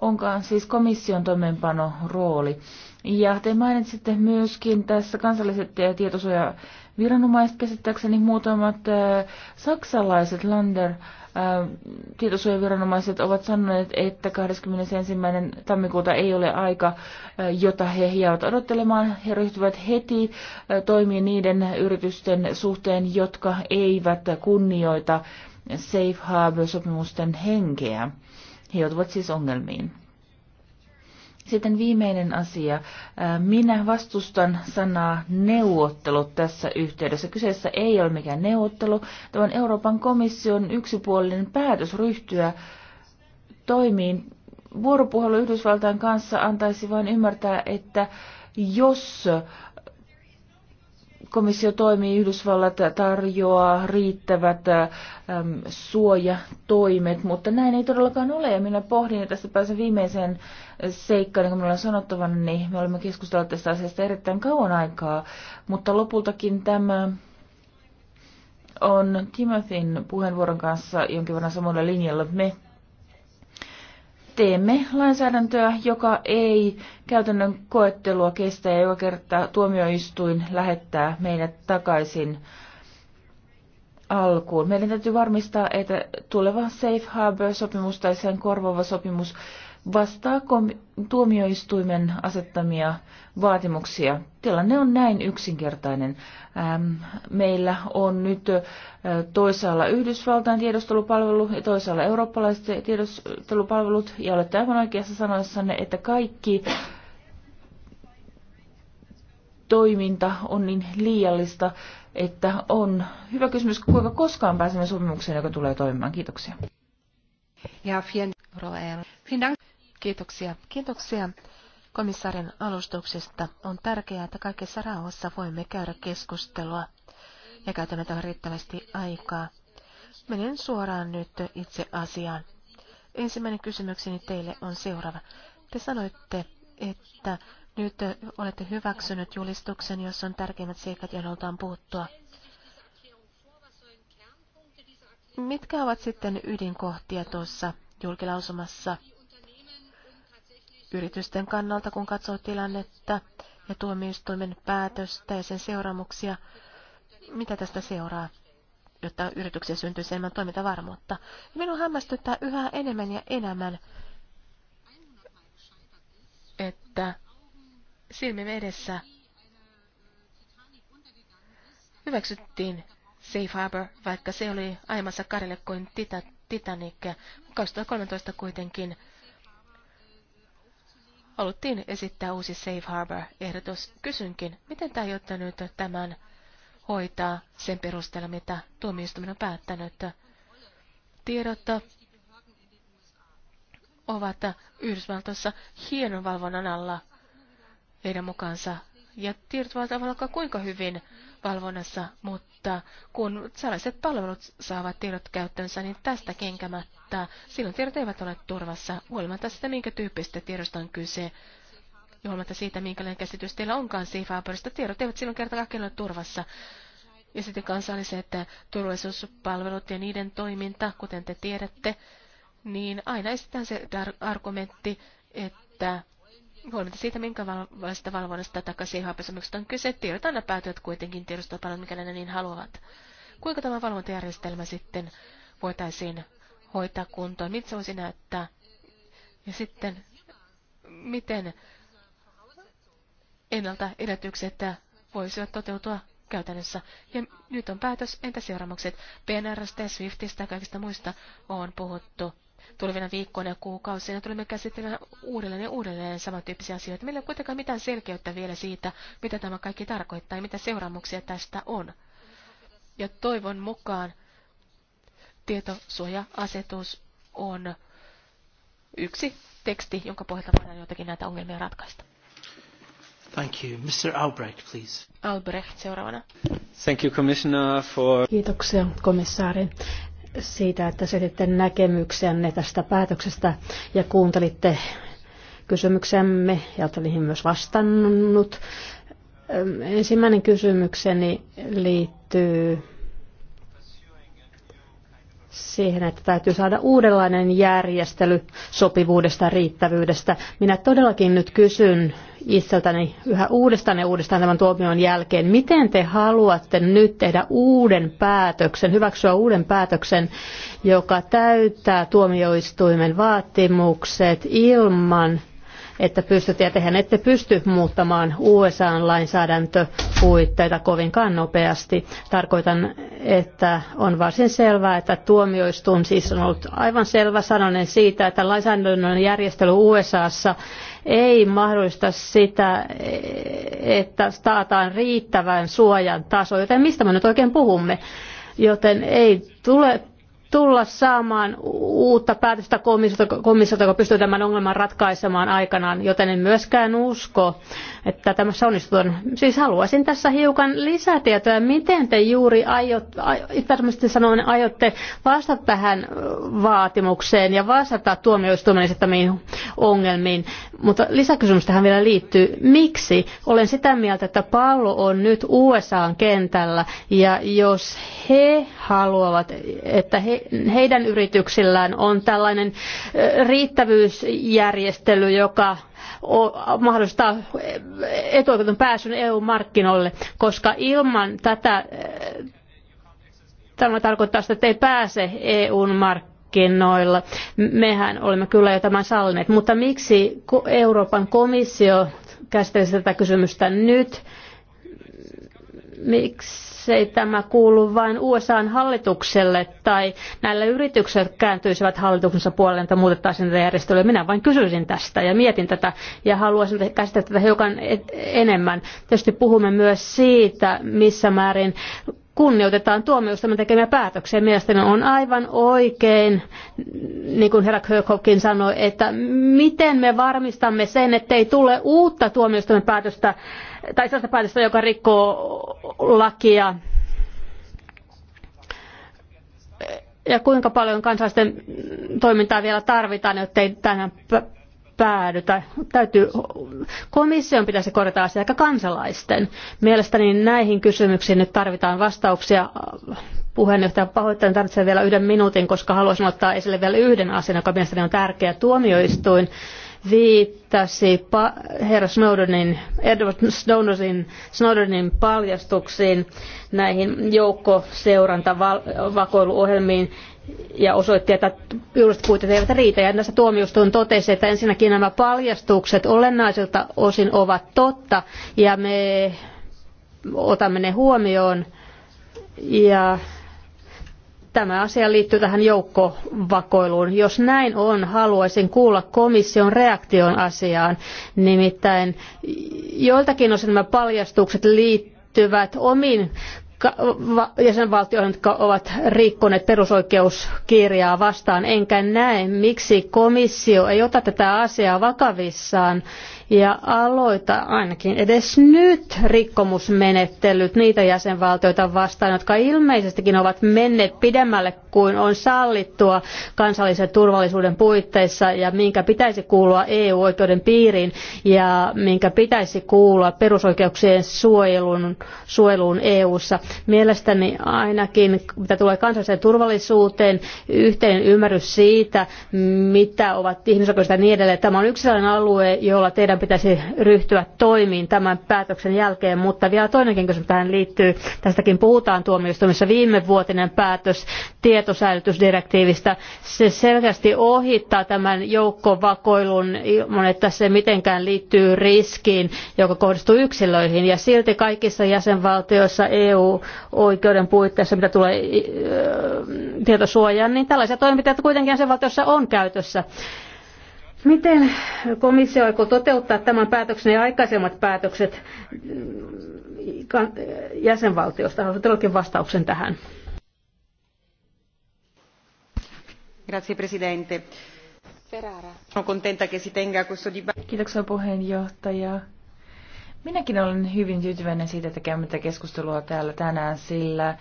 onkaan siis komission toimeenpano rooli? Ja te mainitsitte myöskin tässä kansalliset tietosuojaviranomaiset käsittääkseni muutamat äh, saksalaiset Lander äh, tietosuojaviranomaiset ovat sanoneet, että 21. tammikuuta ei ole aika, äh, jota he jäävät odottelemaan. He ryhtyvät heti toimiin niiden yritysten suhteen, jotka eivät kunnioita Safe Harbor-sopimusten henkeä. He joutuvat siis ongelmiin. Sitten viimeinen asia. Minä vastustan sanaa neuvottelut tässä yhteydessä. Kyseessä ei ole mikään neuvottelu. Tämä on Euroopan komission yksipuolinen päätös ryhtyä toimiin. Vuoropuhelu Yhdysvaltain kanssa antaisi vain ymmärtää, että jos komissio toimii, Yhdysvallat tarjoaa riittävät äm, suojatoimet, mutta näin ei todellakaan ole. Ja minä pohdin, että tässä pääsen viimeiseen seikkaan, niin kuin minulla on sanottavana, niin me olemme keskustelleet tästä asiasta erittäin kauan aikaa, mutta lopultakin tämä on Timothyn puheenvuoron kanssa jonkin verran samalla linjalla. Me teemme lainsäädäntöä, joka ei käytännön koettelua kestä ja joka kertaa tuomioistuin lähettää meidät takaisin alkuun. Meidän täytyy varmistaa, että tuleva Safe Harbor-sopimus tai sen korvaava sopimus vastaa tuomioistuimen asettamia vaatimuksia. Tilanne on näin yksinkertainen. Ähm, meillä on nyt äh, toisaalla Yhdysvaltain tiedostelupalvelu ja toisaalla eurooppalaiset tiedostelupalvelut, ja olette aivan oikeassa sanoissanne, että kaikki toiminta on niin liiallista, että on hyvä kysymys, kuinka koskaan pääsemme sopimukseen, joka tulee toimimaan. Kiitoksia. Ja fien... vielen Kiitoksia. Kiitoksia komissaarin alustuksesta. On tärkeää, että kaikessa rauhassa voimme käydä keskustelua ja käytämme tähän riittävästi aikaa. Menen suoraan nyt itse asiaan. Ensimmäinen kysymykseni teille on seuraava. Te sanoitte, että nyt olette hyväksynyt julistuksen, jossa on tärkeimmät seikat, joihin halutaan puuttua. Mitkä ovat sitten ydinkohtia tuossa julkilausumassa? yritysten kannalta, kun katsoo tilannetta ja tuomioistuimen päätöstä ja sen seuraamuksia, mitä tästä seuraa, jotta yrityksiä syntyy enemmän toimintavarmuutta. Minun hämmästyttää yhä enemmän ja enemmän, että silmimme edessä hyväksyttiin Safe Harbor, vaikka se oli aiemmassa karille kuin Titanic. 2013 kuitenkin haluttiin esittää uusi Safe Harbor-ehdotus. Kysynkin, miten tämä aiotte nyt tämän hoitaa sen perusteella, mitä tuomioistuminen on päättänyt? Tiedot ovat Yhdysvaltoissa hienon valvonnan alla heidän mukaansa. Ja tiedot voivat kuinka hyvin valvonnassa, mutta kun salaiset palvelut saavat tiedot käyttöönsä, niin tästä kenkämättä silloin tiedot eivät ole turvassa, huolimatta sitä, minkä tyyppistä tiedosta on kyse. Huolimatta siitä, minkälainen käsitys teillä onkaan Seafaberista, tiedot eivät silloin kerta kaikkiaan ole turvassa. Ja sitten kansalliset turvallisuuspalvelut ja niiden toiminta, kuten te tiedätte, niin aina esitetään se argumentti, että huolimatta siitä, minkälaista valvonnasta tai CH-pesemyksestä on kyse, tiedot aina päätyvät kuitenkin tiedostopalvelut, mikäli ne niin haluavat. Kuinka tämä valvontajärjestelmä sitten voitaisiin hoitaa kuntoon? Mitä se voisi näyttää? Ja sitten, miten ennalta edellytykset voisivat toteutua käytännössä. Ja nyt on päätös, entä seuraamukset? PNRstä ja Swiftistä ja kaikista muista on puhuttu tulevina viikkoina ja kuukausina tulemme käsittelemään uudelleen ja uudelleen samantyyppisiä asioita. Meillä ei ole kuitenkaan mitään selkeyttä vielä siitä, mitä tämä kaikki tarkoittaa ja mitä seuraamuksia tästä on. Ja toivon mukaan tietosuoja-asetus on yksi teksti, jonka pohjalta voidaan jotakin näitä ongelmia ratkaista. Thank you. Mr. Albrecht, please. Albrecht seuraavana. Thank you, Commissioner, for... Kiitoksia komissaari siitä, että selitte näkemyksenne tästä päätöksestä ja kuuntelitte kysymyksemme ja olette niihin myös vastannut. Ensimmäinen kysymykseni liittyy siihen, että täytyy saada uudenlainen järjestely sopivuudesta ja riittävyydestä. Minä todellakin nyt kysyn itseltäni yhä uudestaan ja uudestaan tämän tuomion jälkeen, miten te haluatte nyt tehdä uuden päätöksen, hyväksyä uuden päätöksen, joka täyttää tuomioistuimen vaatimukset ilman että pystytte, ja tehän ette pysty muuttamaan USA-lainsäädäntöpuitteita kovinkaan nopeasti. Tarkoitan, että on varsin selvää, että tuomioistuin siis on ollut aivan selvä sanonen siitä, että lainsäädännön järjestely USAssa ei mahdollista sitä, että taataan riittävän suojan taso, joten mistä me nyt oikein puhumme? Joten ei tule tulla saamaan uutta päätöstä komissiolta, joka pystyy tämän ongelman ratkaisemaan aikanaan, joten en myöskään usko, että tämä onnistutaan. Siis haluaisin tässä hiukan lisätietoja, miten te juuri aiotte, sanoen, aiotte vastata tähän vaatimukseen ja vastata tuomioistuimen esittämiin ongelmiin. Mutta lisäkysymys tähän vielä liittyy. Miksi? Olen sitä mieltä, että pallo on nyt USAn kentällä ja jos he haluavat, että he heidän yrityksillään on tällainen eh, riittävyysjärjestely, joka mahdollistaa eh, etuoikeuden pääsyn EU-markkinoille, koska ilman tätä eh, tämä tarkoittaa sitä, että ei pääse eu markkinoilla. Mehän olemme kyllä jo tämän sallineet, mutta miksi Euroopan komissio käsittelisi tätä kysymystä nyt? Miksi ei tämä kuulu vain USAn hallitukselle tai näillä yrityksillä kääntyisivät hallituksensa puolelle, että muutettaisiin tätä järjestelyä. Minä vain kysyisin tästä ja mietin tätä ja haluaisin käsitellä tätä hiukan enemmän. Tietysti puhumme myös siitä, missä määrin kunnioitetaan tuomioistuimen tekemiä päätöksiä. Mielestäni on aivan oikein, niin kuin herra Kirchhoffkin sanoi, että miten me varmistamme sen, ettei tule uutta tuomioistuimen päätöstä tai sellaista päätöstä, joka rikkoo lakia. Ja kuinka paljon kansalaisten toimintaa vielä tarvitaan, jotta ei tänään päädytä. Täytyy, komission pitäisi korjata asia eikä kansalaisten. Mielestäni näihin kysymyksiin nyt tarvitaan vastauksia. Puheenjohtaja pahoittelen tarvitsen vielä yhden minuutin, koska haluaisin ottaa esille vielä yhden asian, joka mielestäni on tärkeä. Tuomioistuin viittasi herra Snowdenin, Edward Snowdenin, Snowdenin paljastuksiin näihin joukkoseurantavakoiluohjelmiin ja osoitti, että juridiset puitteet eivät riitä. Ja näissä tuomioistuin totesi, että ensinnäkin nämä paljastukset olennaisilta osin ovat totta ja me otamme ne huomioon ja Tämä asia liittyy tähän joukkovakoiluun. Jos näin on, haluaisin kuulla komission reaktion asiaan. Nimittäin joiltakin osin nämä paljastukset liittyvät omiin jäsenvaltioihin, jotka ovat rikkoneet perusoikeuskirjaa vastaan. Enkä näe, miksi komissio ei ota tätä asiaa vakavissaan ja aloita ainakin edes nyt rikkomusmenettelyt niitä jäsenvaltioita vastaan, jotka ilmeisestikin ovat menneet pidemmälle kuin on sallittua kansallisen turvallisuuden puitteissa ja minkä pitäisi kuulua EU-oikeuden piiriin ja minkä pitäisi kuulua perusoikeuksien suojelun, suojeluun EU-ssa. Mielestäni ainakin, mitä tulee kansalliseen turvallisuuteen, yhteinen ymmärrys siitä, mitä ovat ihmisoikeudet ja niin edelleen. Tämä on yksi sellainen alue, jolla teidän meidän pitäisi ryhtyä toimiin tämän päätöksen jälkeen, mutta vielä toinenkin kysymys tähän liittyy. Tästäkin puhutaan tuomioistuimessa viime vuotinen päätös tietosäilytysdirektiivistä. Se selkeästi ohittaa tämän joukkovakoilun ilman, että se mitenkään liittyy riskiin, joka kohdistuu yksilöihin. Ja silti kaikissa jäsenvaltioissa EU-oikeuden puitteissa, mitä tulee tietosuojaan, niin tällaisia toimenpiteitä kuitenkin jäsenvaltioissa on käytössä. Miten komissio aikoo toteuttaa tämän päätöksen ja aikaisemmat päätökset mm, jäsenvaltiosta? Haluaisin todellakin vastauksen tähän. Grazie Presidente. Sono contenta che si tenga questo dibattito. Kiitoksia puheenjohtaja. Minäkin olen hyvin tyytyväinen siitä, että käymme tätä keskustelua täällä tänään, sillä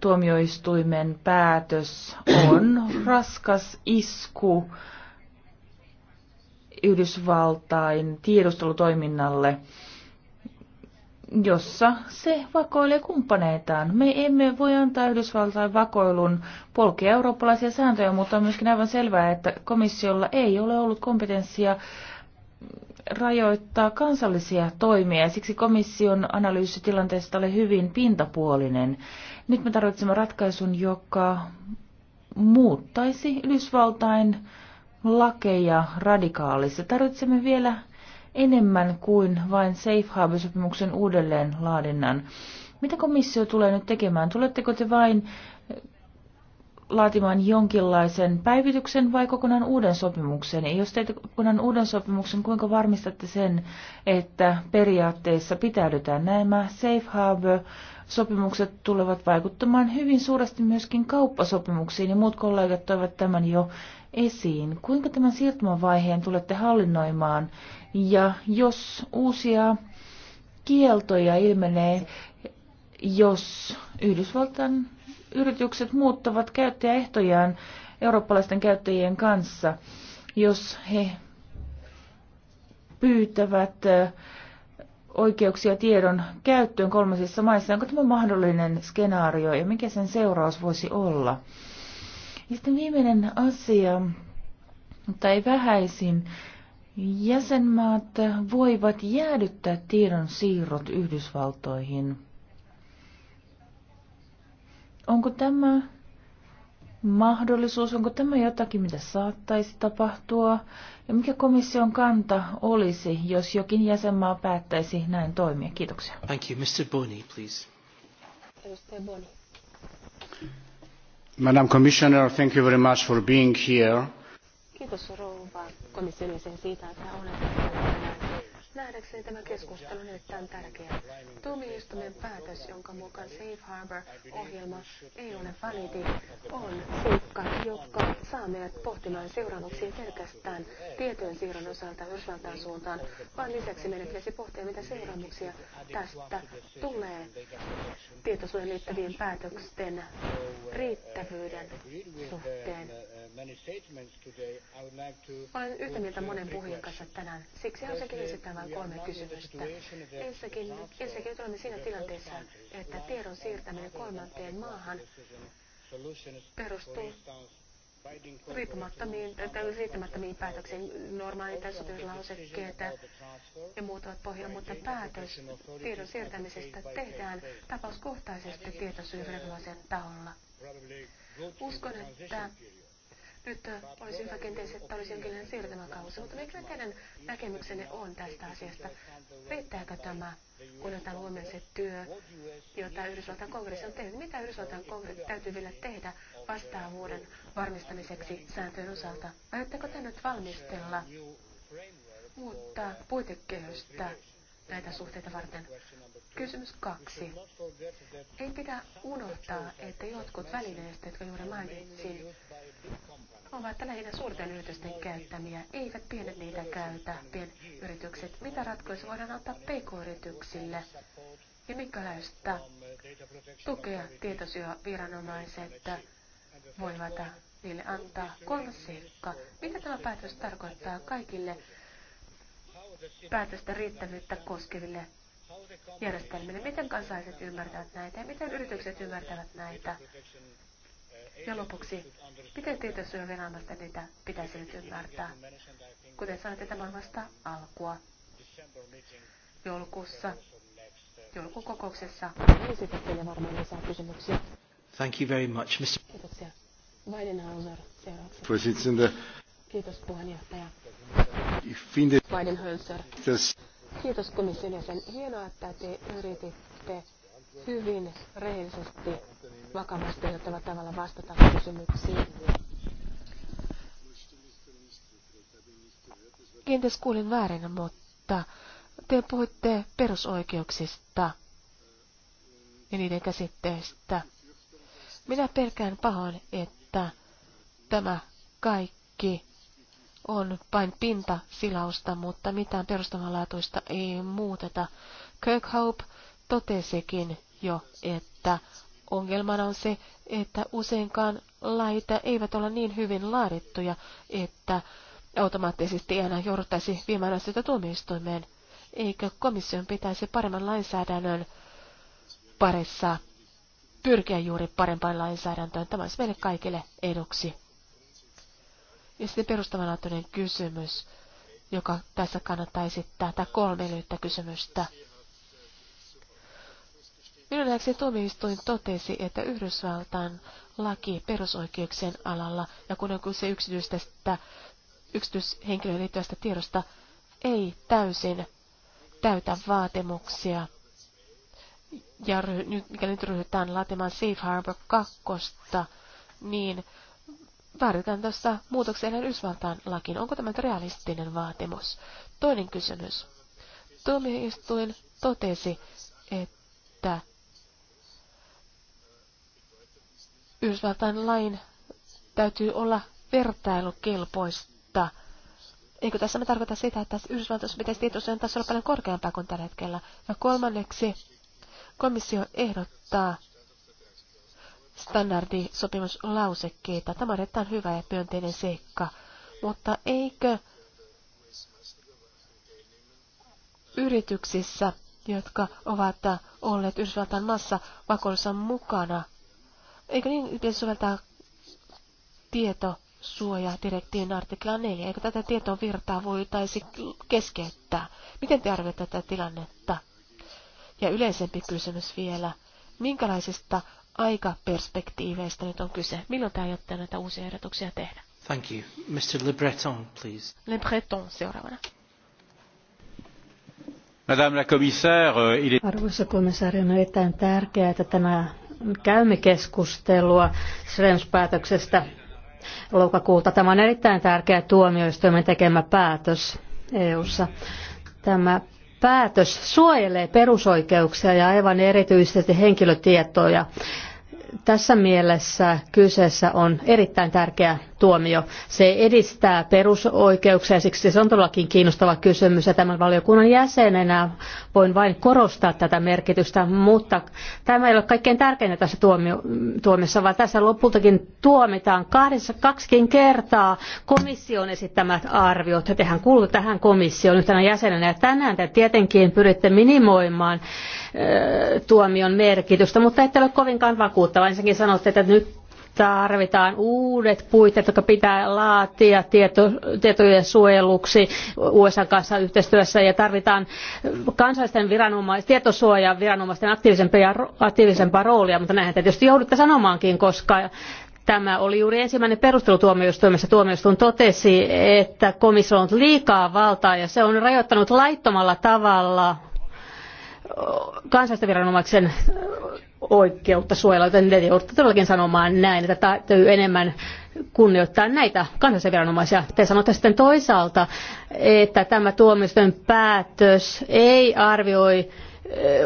tuomioistuimen päätös on raskas isku Yhdysvaltain tiedustelutoiminnalle, jossa se vakoilee kumppaneitaan. Me emme voi antaa Yhdysvaltain vakoilun polkea eurooppalaisia sääntöjä, mutta on myöskin aivan selvää, että komissiolla ei ole ollut kompetenssia rajoittaa kansallisia toimia ja siksi komission analyysi tilanteesta oli hyvin pintapuolinen. Nyt me tarvitsemme ratkaisun, joka muuttaisi Yhdysvaltain lakeja radikaalisti. Tarvitsemme vielä enemmän kuin vain Safe Harbor-sopimuksen uudelleen laadinnan. Mitä komissio tulee nyt tekemään? Tuletteko te vain eh, laatimaan jonkinlaisen päivityksen vai kokonaan uuden sopimuksen? Ja jos teet kokonaan uuden sopimuksen, kuinka varmistatte sen, että periaatteessa pitäydytään nämä Safe Harbor-sopimukset tulevat vaikuttamaan hyvin suuresti myöskin kauppasopimuksiin ja muut kollegat toivat tämän jo esiin. Kuinka tämän siirtymävaiheen tulette hallinnoimaan? Ja jos uusia kieltoja ilmenee, jos Yhdysvaltain yritykset muuttavat käyttäjäehtojaan eurooppalaisten käyttäjien kanssa, jos he pyytävät oikeuksia tiedon käyttöön kolmasissa maissa. Onko tämä mahdollinen skenaario ja mikä sen seuraus voisi olla? Ja sitten viimeinen asia, mutta ei vähäisin. Jäsenmaat voivat jäädyttää tiedon siirrot Yhdysvaltoihin. Onko tämä mahdollisuus, onko tämä jotakin, mitä saattaisi tapahtua? Ja mikä komission kanta olisi, jos jokin jäsenmaa päättäisi näin toimia? Kiitoksia. Thank you. Mr. Boni, please. Edustaja Boni. Madam Commissioner, thank you very much for being here. Kiitos rouva komission siitä, että olette Nähdäkseni tämä keskustelu on erittäin tärkeä. Tuomioistuimen päätös, jonka mukaan Safe Harbor-ohjelma ei ole validi, on seikka, joka saa meidät pohtimaan seuraavaksi pelkästään tietojen siirron osalta Yhdysvaltain suuntaan, vaan lisäksi meidän pitäisi pohtia, mitä seuraamuksia tästä tulee tietosuojan liittyvien päätösten riittävyyden suhteen. Olen yhtä mieltä monen puhujan kanssa tänään. Siksi haluaisin esittämään kolme kysymystä. Ensinnäkin, ensinnäkin nyt olemme siinä tilanteessa, että tiedon siirtäminen kolmanteen maahan perustuu riippumattomiin, riittämättömiin päätöksiin, normaali- täysityslausekkeet ja muut ovat pohjalla, mutta päätös tiedon siirtämisestä tehdään tapauskohtaisesti tietosuojaviranomaisen taholla. Uskon, että nyt äh, olisi hyvä kenties, että olisi jonkinlainen siirtymäkausi, mutta mikä teidän näkemyksenne on tästä asiasta? Riittääkö tämä, kun otetaan huomioon se työ, jota Yhdysvaltain kongressi on tehnyt? Mitä Yhdysvaltain kongressi täytyy vielä tehdä vastaavuuden varmistamiseksi sääntöjen osalta? Ajatteko te nyt valmistella uutta puitekehystä näitä suhteita varten? Kysymys kaksi. Ei pidä unohtaa, että jotkut välineistä, jotka juuri mainitsin, ovat lähinnä suurten yritysten käyttämiä, eivät pienet niitä käytä, pienyritykset. Mitä ratkaisuja voidaan antaa pk-yrityksille? Ja minkälaista tukea tietosyöviranomaiset voivat niille antaa? Kolmas seikka. Mitä tämä päätös tarkoittaa kaikille päätöstä riittävyyttä koskeville järjestelmille. Miten kansalaiset ymmärtävät näitä ja miten yritykset ymmärtävät näitä? Ja lopuksi, miten tietosuojaviranomaista niitä pitäisi nyt ymmärtää? Kuten sanoitte, tämä on vasta alkua. Joulukuussa, joulukuun kokouksessa, esitän teille varmaan lisää kysymyksiä. Thank you very much, Mr. Kiitoksia. Weidenhauser seuraavaksi. President. Uh, Kiitos puheenjohtaja. Ich finde, Weidenhauser. Das Kiitos komission jäsen. Hienoa, että te yrititte hyvin rehellisesti vakavasti ottavalla tavalla vastata kysymyksiin. Kenties kuulin väärin, mutta te puhuitte perusoikeuksista ja niiden käsitteistä. Minä pelkään pahoin, että tämä kaikki on vain silausta, mutta mitään perustavanlaatuista ei muuteta. Kirkhope totesikin jo, että ongelmana on se, että useinkaan laita eivät ole niin hyvin laadittuja, että automaattisesti enää jouduttaisi viemään asioita tuomioistuimeen. Eikö komission pitäisi paremman lainsäädännön parissa pyrkiä juuri parempaan lainsäädäntöön? Tämä olisi meille kaikille eduksi. Ja sitten perustavanlaatuinen kysymys, joka tässä kannattaa esittää, tämä kolme lyhyttä kysymystä. Minun nähdäkseni tuomioistuin totesi, että Yhdysvaltain laki perusoikeuksien alalla, ja kun on se yksityisestä yksityishenkilöön liittyvästä tiedosta, ei täysin täytä vaatimuksia. Ja nyt, mikä nyt ryhdytään laatimaan Safe Harbor 2, niin tarvitaan tässä muutoksen ennen Yhdysvaltain lakiin. Onko tämä realistinen vaatimus? Toinen kysymys. Tuomioistuin totesi, että Yhdysvaltain lain täytyy olla vertailukelpoista. Eikö tässä me tarkoita sitä, että Yhdysvaltain pitäisi tietoisen tasolla paljon korkeampaa kuin tällä hetkellä? Ja kolmanneksi komissio ehdottaa standardisopimuslausekkeita. Tämä on erittäin hyvä ja myönteinen seikka, mutta eikö yrityksissä, jotka ovat olleet Yhdysvaltain massa vakoilussa mukana, eikö niin pitäisi soveltaa tietosuojadirektiivin artikla 4? Eikö tätä tietovirtaa voitaisi keskeyttää? Miten te arvioitte tätä tilannetta? Ja yleisempi kysymys vielä. Minkälaisista aikaperspektiiveistä nyt on kyse? Milloin te aiotte näitä uusia ehdotuksia tehdä? Thank you. Mr. Le Breton, please. Le Breton seuraavana. Madame la commissaire, euh, il est... Arvoisa komissaari, on erittäin tärkeää, että tämä käymme keskustelua Schrems-päätöksestä lokakuuta. Tämä on erittäin tärkeä tuomioistuimen tekemä päätös EU-ssa. Tämä päätös suojelee perusoikeuksia ja aivan erityisesti henkilötietoja. Tässä mielessä kyseessä on erittäin tärkeä tuomio. Se edistää perusoikeuksia ja siksi se on todellakin kiinnostava kysymys ja tämän valiokunnan jäsenenä voin vain korostaa tätä merkitystä, mutta tämä ei ole kaikkein tärkeintä tässä tuomio, tuomiossa, vaan tässä lopultakin tuomitaan kahdessa, kaksikin kertaa komission esittämät arviot ja tehän kuuluu tähän komissioon yhtenä jäsenenä ja tänään te tietenkin pyritte minimoimaan tuomion merkitystä, mutta ette ole kovinkaan vakuuttava. Ensinnäkin sanotte, että nyt tarvitaan uudet puitteet, jotka pitää laatia tieto, tietojen suojeluksi USA kanssa yhteistyössä ja tarvitaan kansallisten viranomaisten tietosuojan viranomaisten aktiivisempaa, aktiivisempaa roolia, mutta näinhän te tietysti joudutte sanomaankin, koska Tämä oli juuri ensimmäinen perustelu tuomioistuimessa. Tuomioistuin totesi, että komissio on liikaa valtaa ja se on rajoittanut laittomalla tavalla kansallisten viranomaisen oikeutta suojella, joten te joudutte todellakin sanomaan näin, että täytyy enemmän kunnioittaa näitä kansallisia viranomaisia. Te sanotte sitten toisaalta, että tämä tuomioistuin päätös ei arvioi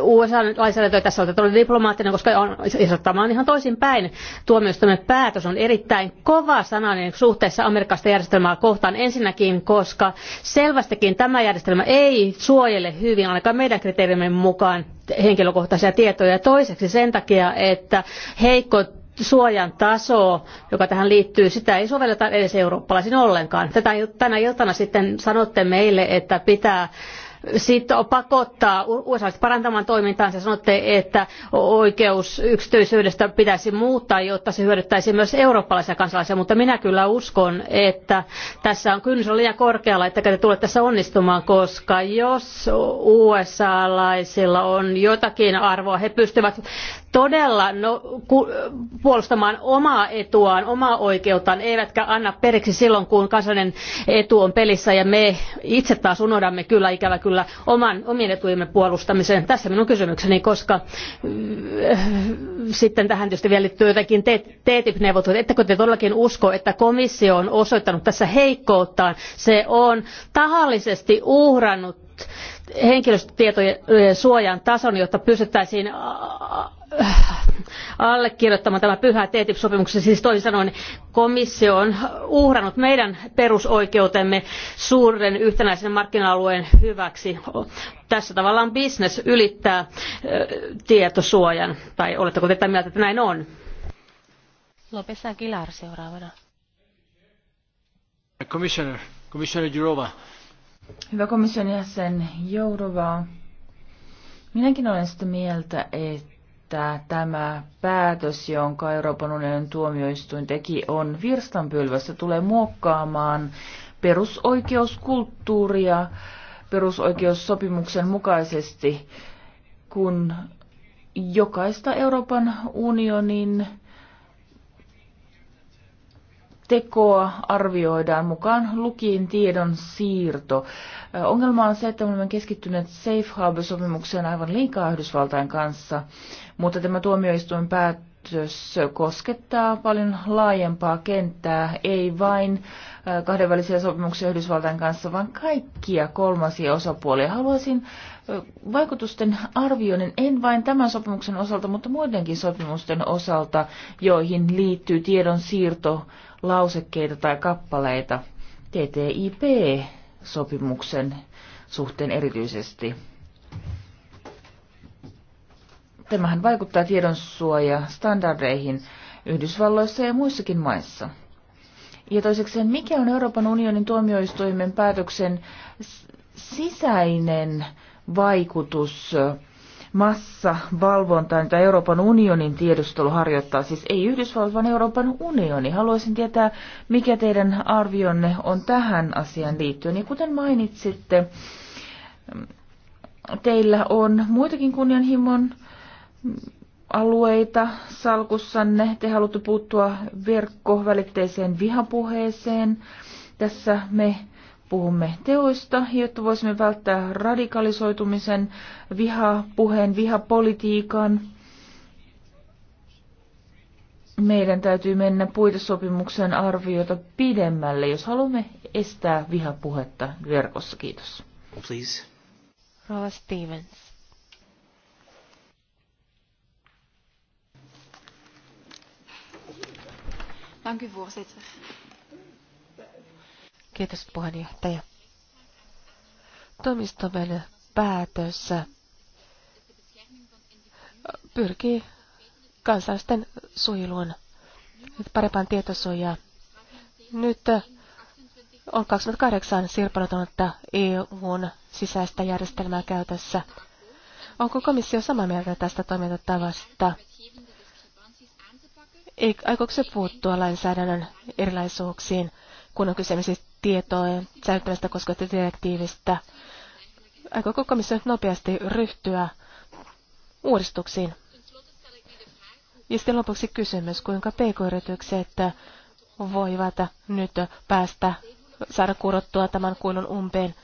USA-lainsäädäntöä tässä on todella diplomaattinen, koska on, tämä on ihan toisin päin. Tuomioistuimen päätös on erittäin kova sananen suhteessa amerikkalaista järjestelmää kohtaan ensinnäkin, koska selvästikin tämä järjestelmä ei suojele hyvin ainakaan meidän kriteerimme mukaan henkilökohtaisia tietoja. Toiseksi sen takia, että heikko suojan taso, joka tähän liittyy, sitä ei sovelleta edes eurooppalaisiin ollenkaan. Tätä, tänä iltana sitten sanotte meille, että pitää on pakottaa USA parantamaan toimintaansa. Sanotte, että oikeus yksityisyydestä pitäisi muuttaa, jotta se hyödyttäisi myös eurooppalaisia kansalaisia, mutta minä kyllä uskon, että tässä on kynnys on liian korkealla, että te tulette tässä onnistumaan, koska jos USA-laisilla on jotakin arvoa, he pystyvät todella no, ku, puolustamaan omaa etuaan, omaa oikeuttaan, eivätkä anna periksi silloin, kun kansallinen etu on pelissä ja me itse taas unohdamme kyllä ikävä kyllä kyllä oman, omien etujemme puolustamiseen. Tässä minun kysymykseni, koska äh, sitten tähän tietysti vielä liittyy jotakin TTIP-neuvottelut. Ettekö te todellakin usko, että komissio on osoittanut tässä heikkouttaan? Se on tahallisesti uhrannut henkilöstötietojen suojan tason, jotta pystyttäisiin allekirjoittamaan tämä pyhä TTIP-sopimuksen. Siis toisin sanoen komissio on uhrannut meidän perusoikeutemme suuren yhtenäisen markkina-alueen hyväksi. Tässä tavallaan bisnes ylittää tietosuojan. Tai oletteko tätä mieltä, että näin on? Lopes Aguilar seuraavana. Commissioner, Commissioner Jourova. Hyvä komission jäsen Jourova. Minäkin olen sitä mieltä, että että tämä päätös, jonka Euroopan unionin tuomioistuin teki, on virstanpylvässä, tulee muokkaamaan perusoikeuskulttuuria perusoikeussopimuksen mukaisesti, kun jokaista Euroopan unionin tekoa arvioidaan mukaan lukien tiedon siirto. Ongelma on se, että me olemme keskittyneet Safe Harbor-sopimukseen aivan liikaa Yhdysvaltain kanssa, mutta tämä tuomioistuin päätös koskettaa paljon laajempaa kenttää, ei vain kahdenvälisiä sopimuksia Yhdysvaltain kanssa, vaan kaikkia kolmasia osapuolia. Haluaisin vaikutusten arvioinnin, en vain tämän sopimuksen osalta, mutta muidenkin sopimusten osalta, joihin liittyy tiedon siirto lausekkeita tai kappaleita TTIP-sopimuksen suhteen erityisesti. Tämähän vaikuttaa standardeihin Yhdysvalloissa ja muissakin maissa. Ja toisekseen, mikä on Euroopan unionin tuomioistuimen päätöksen sisäinen vaikutus massavalvontaa, jota Euroopan unionin tiedustelu harjoittaa. Siis ei Yhdysvallat, vaan Euroopan unioni. Haluaisin tietää, mikä teidän arvionne on tähän asiaan liittyen. Ja kuten mainitsitte, teillä on muitakin kunnianhimon alueita salkussanne. Te haluatte puuttua verkkovälitteiseen vihapuheeseen. Tässä me puhumme teoista, jotta voisimme välttää radikalisoitumisen, vihapuheen, vihapolitiikan. Meidän täytyy mennä puitesopimuksen arviota pidemmälle, jos haluamme estää vihapuhetta verkossa. Kiitos. Please. Rova Stevens. Dank u voorzitter. Kiitos puheenjohtaja. Toimistomen päätös pyrkii kansalaisten suojeluun parempaan tietosuojaan. Nyt on 28 sirpalotonta EUn sisäistä järjestelmää käytössä. Onko komissio samaa mieltä tästä toimintatavasta? Aikooko se puuttua lainsäädännön erilaisuuksiin, kun on kyse siis tietojen säilyttämistä koskevasta direktiivistä. Aikooko komissio nyt nopeasti ryhtyä uudistuksiin? Ja sitten lopuksi kysymys, kuinka pk-yritykset voivat nyt päästä saada kurottua tämän kuilun umpeen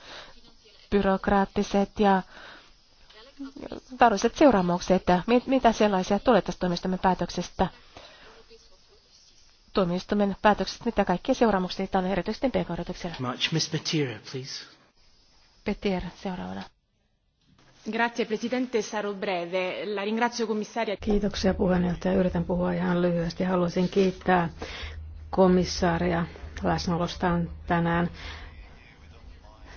byrokraattiset ja tarvitset seuraamukset, mitä sellaisia tulee tästä toimistamme päätöksestä tuomioistuimen päätökset, mitä kaikkia seuraamuksia niitä on erityisesti pk-yrityksillä. Miss please. Petir, seuraavana. Grazie Presidente, sarò breve. La ringrazio commissaria. Kiitoksia puheenjohtaja. Yritän puhua ihan lyhyesti. Haluaisin kiittää komissaaria läsnäolostaan tänään.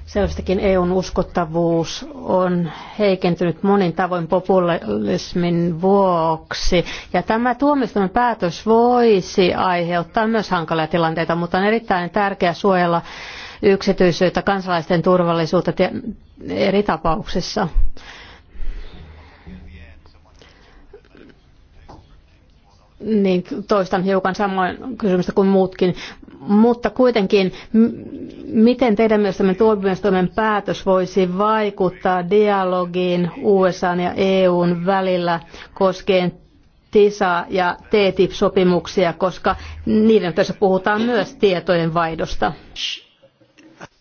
Selvästikin EUn uskottavuus on heikentynyt monin tavoin populismin vuoksi. Ja tämä tuomioistuimen päätös voisi aiheuttaa myös hankalia tilanteita, mutta on erittäin tärkeää suojella yksityisyyttä, kansalaisten turvallisuutta eri tapauksissa. niin toistan hiukan samoin kysymystä kuin muutkin. Mutta kuitenkin, miten teidän mielestänne tuomioistuimen päätös voisi vaikuttaa dialogiin USA ja EUn välillä koskien TISA- ja TTIP-sopimuksia, koska niiden yhteydessä puhutaan myös tietojen vaihdosta?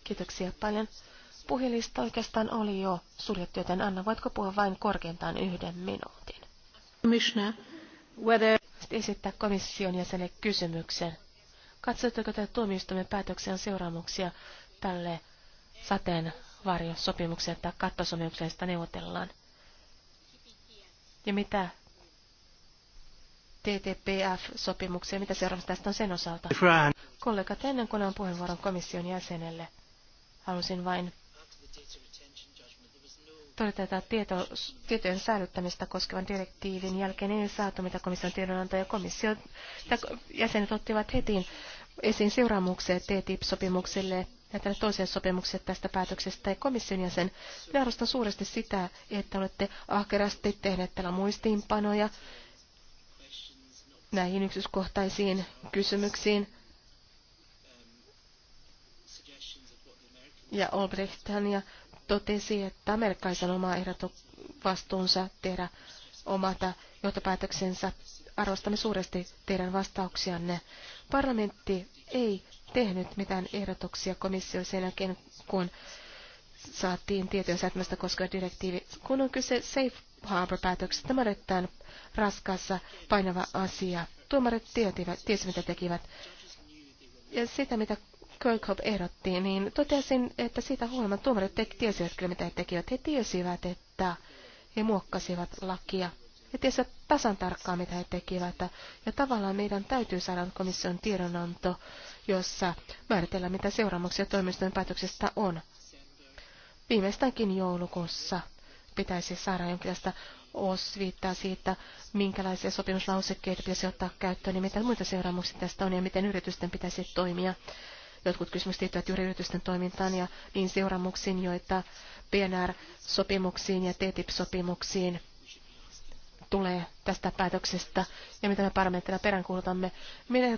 Kiitoksia paljon. Puhelista oikeastaan oli jo suljettu, joten Anna, voitko puhua vain korkeintaan yhden minuutin? Commissioner, whether... esittää komission jäsenelle kysymyksen. Katsotteko tätä tuomioistuimen päätöksen seuraamuksia tälle sateen varjosopimukseen tai kattosopimukseen, neuvotellaan? Ja mitä ttpf sopimuksia mitä seuraavaksi tästä on sen osalta? Kollegat, ennen kuin on puheenvuoron komission jäsenelle, halusin vain todeta, että tieto, tietojen säilyttämistä koskevan direktiivin jälkeen ei saatu, mitä komission tiedonanto ja komissio, jäsenet ottivat heti esiin seuraamuksia TTIP-sopimukselle ja tälle toiseen sopimukselle tästä päätöksestä ja komission jäsen. Minä arvostan suuresti sitä, että olette ahkerasti tehneet täällä muistiinpanoja näihin yksityiskohtaisiin kysymyksiin. Ja Olbrechtan ja totesi, että Amerikkaisen oma ehdoton vastuunsa tehdä omata johtopäätöksensä. Arvostamme suuresti teidän vastauksianne. Parlamentti ei tehnyt mitään ehdotuksia komissioon sen jälkeen, kun saatiin tietojen säätämästä koskeva direktiivi. Kun on kyse Safe Harbor-päätöksestä, tämä erittäin raskassa, painava asia. Tuomarit tiesivät, mitä tekivät. Ja sitä, mitä Kirkhope ehdotti, niin totesin, että siitä huolimatta tuomarit te- tiesivät kyllä, mitä he tekivät. He tiesivät, että he muokkasivat lakia. He tiesivät tasan tarkkaan, mitä he tekivät. Ja tavallaan meidän täytyy saada komission tiedonanto, jossa määritellään, mitä seuraamuksia toimistojen päätöksestä on. Viimeistäänkin joulukuussa pitäisi saada jonkinlaista osviittaa siitä, minkälaisia sopimuslausekkeita pitäisi ottaa käyttöön ja mitä muita seuraamuksia tästä on ja miten yritysten pitäisi toimia. Jotkut kysymykset liittyvät juuri yritysten toimintaan ja niin seuraamuksiin, joita PNR-sopimuksiin ja TTIP-sopimuksiin tulee tästä päätöksestä ja mitä me parlamenttina peräänkuulutamme. Minä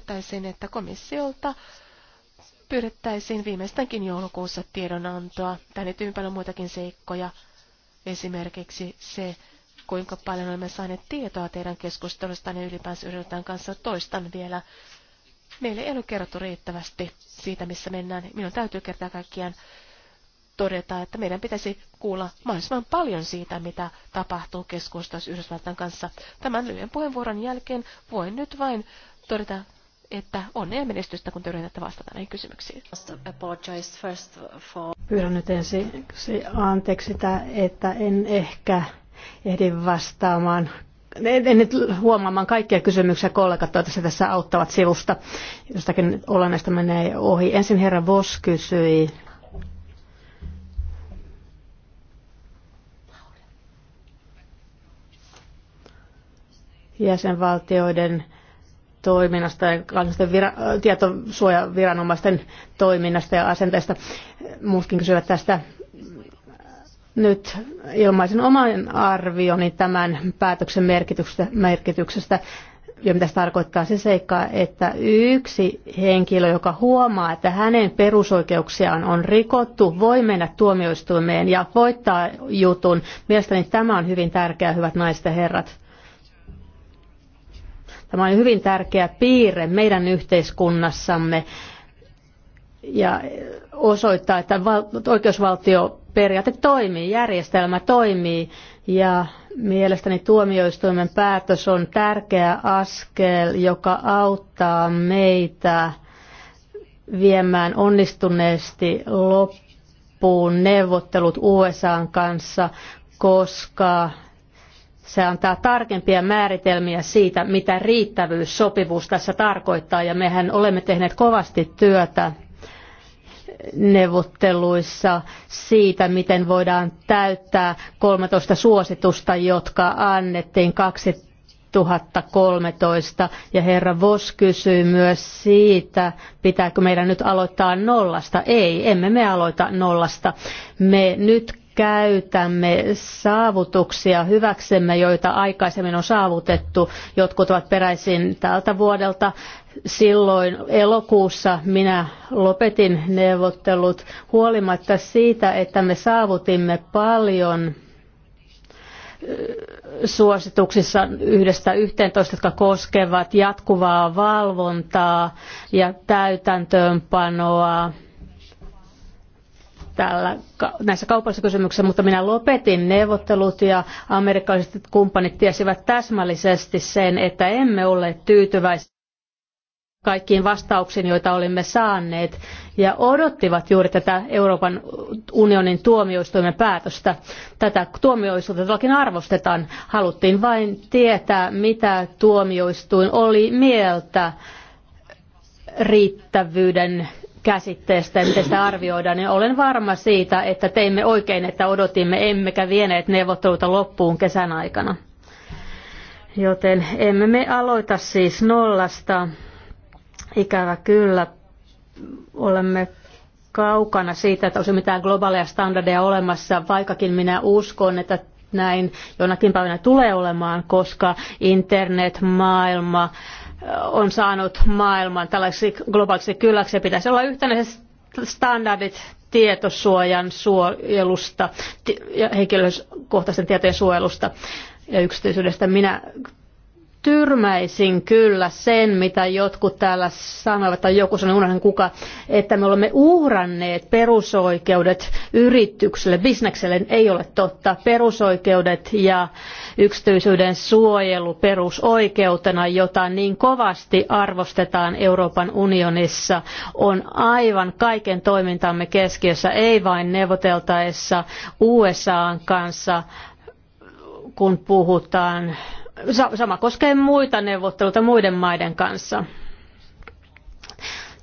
että komissiolta pyydettäisiin viimeistäänkin joulukuussa tiedonantoa. Tänne liittyy paljon muitakin seikkoja, esimerkiksi se, kuinka paljon olemme saaneet tietoa teidän keskustelustanne ylipäänsä yritetään kanssa toistan vielä Meille ei ole kerrottu riittävästi siitä, missä mennään. Minun täytyy kertaa kaikkiaan todeta, että meidän pitäisi kuulla mahdollisimman paljon siitä, mitä tapahtuu keskustelussa Yhdysvaltain kanssa. Tämän lyhyen puheenvuoron jälkeen voin nyt vain todeta, että onnea menestystä, kun te yritätte vastata näihin kysymyksiin. Pyydän nyt ensin anteeksi, sitä, että en ehkä ehdi vastaamaan en nyt huomaamaan kaikkia kysymyksiä, kollegat toivottavasti tässä auttavat sivusta. Jostakin olennaista menee ohi. Ensin herra Vos kysyi. jäsenvaltioiden toiminnasta ja kansallisten vira- tietosuojaviranomaisten toiminnasta ja asenteista. Muutkin kysyvät tästä nyt ilmaisen oman arvioni tämän päätöksen merkityksestä, merkityksestä ja mitä se tarkoittaa se seikka, että yksi henkilö, joka huomaa, että hänen perusoikeuksiaan on rikottu, voi mennä tuomioistuimeen ja voittaa jutun. Mielestäni tämä on hyvin tärkeää, hyvät naiset ja herrat. Tämä on hyvin tärkeä piirre meidän yhteiskunnassamme ja osoittaa, että oikeusvaltio periaate toimii, järjestelmä toimii ja mielestäni tuomioistuimen päätös on tärkeä askel, joka auttaa meitä viemään onnistuneesti loppuun neuvottelut USAn kanssa, koska se antaa tarkempia määritelmiä siitä, mitä riittävyys, sopivuus tässä tarkoittaa, ja mehän olemme tehneet kovasti työtä neuvotteluissa siitä, miten voidaan täyttää 13 suositusta, jotka annettiin 2013. Ja herra Vos kysyy myös siitä, pitääkö meidän nyt aloittaa nollasta. Ei, emme me aloita nollasta. Me nyt käytämme saavutuksia hyväksemme, joita aikaisemmin on saavutettu. Jotkut ovat peräisin tältä vuodelta. Silloin elokuussa minä lopetin neuvottelut huolimatta siitä, että me saavutimme paljon suosituksissa yhdestä yhteentoista, jotka koskevat jatkuvaa valvontaa ja täytäntöönpanoa tällä, näissä kaupallisissa kysymyksissä, mutta minä lopetin neuvottelut ja amerikkalaiset kumppanit tiesivät täsmällisesti sen, että emme ole tyytyväisiä kaikkiin vastauksiin, joita olimme saaneet, ja odottivat juuri tätä Euroopan unionin tuomioistuimen päätöstä. Tätä tuomioistuinta todellakin arvostetaan. Haluttiin vain tietää, mitä tuomioistuin oli mieltä riittävyyden käsitteestä ja miten sitä arvioidaan, niin olen varma siitä, että teimme oikein, että odotimme, emmekä vieneet neuvotteluita loppuun kesän aikana. Joten emme me aloita siis nollasta. Ikävä kyllä olemme kaukana siitä, että olisi mitään globaaleja standardeja olemassa, vaikkakin minä uskon, että näin jonakin päivänä tulee olemaan, koska internet, maailma, on saanut maailman tällaiseksi globaaliksi kylläksi. Pitäisi olla yhtenäiset standardit tietosuojan suojelusta ja henkilökohtaisten tietojen suojelusta ja yksityisyydestä. Minä tyrmäisin kyllä sen, mitä jotkut täällä sanoivat, tai joku sanoi unohdan kuka, että me olemme uhranneet perusoikeudet yritykselle, bisnekselle ei ole totta. Perusoikeudet ja yksityisyyden suojelu perusoikeutena, jota niin kovasti arvostetaan Euroopan unionissa, on aivan kaiken toimintamme keskiössä, ei vain neuvoteltaessa USAn kanssa, kun puhutaan sama koskee muita neuvotteluita muiden maiden kanssa.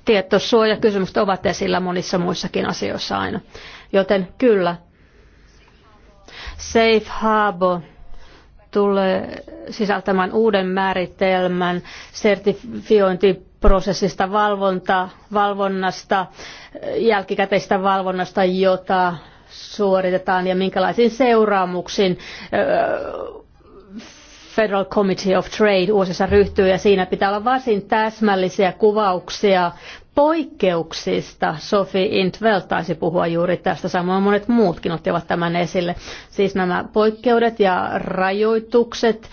Tietosuojakysymykset ovat esillä monissa muissakin asioissa aina. Joten kyllä, Safe Harbor tulee sisältämään uuden määritelmän sertifiointiprosessista valvonta, valvonnasta, jälkikäteistä valvonnasta, jota suoritetaan ja minkälaisiin seuraamuksiin öö, Federal Committee of Trade USAssa ryhtyy ja siinä pitää olla varsin täsmällisiä kuvauksia poikkeuksista. Sophie Intveld taisi puhua juuri tästä, samoin monet muutkin ottivat tämän esille. Siis nämä poikkeudet ja rajoitukset,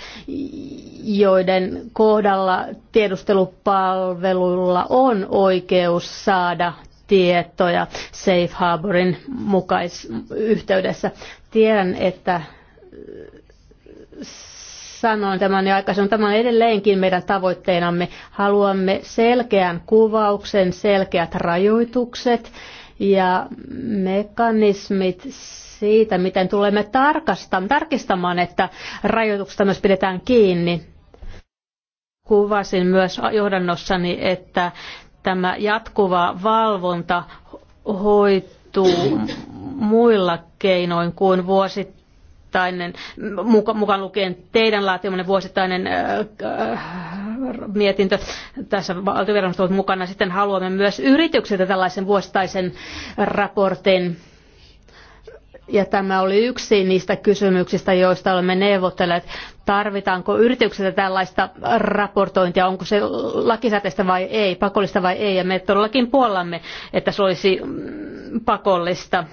joiden kohdalla tiedustelupalvelulla on oikeus saada tietoja Safe Harborin mukais- yhteydessä. Tiedän, että sanoin tämän jo aikaisemmin, tämä on edelleenkin meidän tavoitteenamme. Haluamme selkeän kuvauksen, selkeät rajoitukset ja mekanismit siitä, miten tulemme tarkistamaan, että rajoituksista myös pidetään kiinni. Kuvasin myös johdannossani, että tämä jatkuva valvonta hoituu muilla keinoin kuin vuosit vuosittainen, mukaan lukien teidän laatimanne vuosittainen äh, mietintö, tässä valtioviranomaiset ovat mukana, sitten haluamme myös yrityksiltä tällaisen vuosittaisen raportin. Ja tämä oli yksi niistä kysymyksistä, joista olemme neuvotteleet Tarvitaanko yrityksiltä tällaista raportointia, onko se lakisääteistä vai ei, pakollista vai ei. Ja me todellakin puollamme, että se olisi pakollista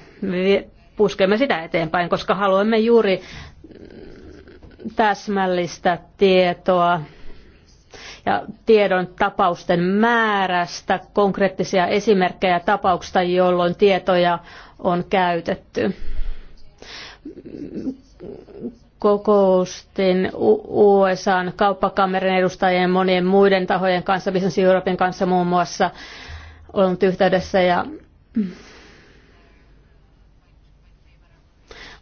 puskemme sitä eteenpäin, koska haluamme juuri täsmällistä tietoa ja tiedon tapausten määrästä, konkreettisia esimerkkejä tapauksista, jolloin tietoja on käytetty. Kokoustin USAn kauppakamerin edustajien monien muiden tahojen kanssa, Business Europein kanssa muun muassa, olen yhteydessä ja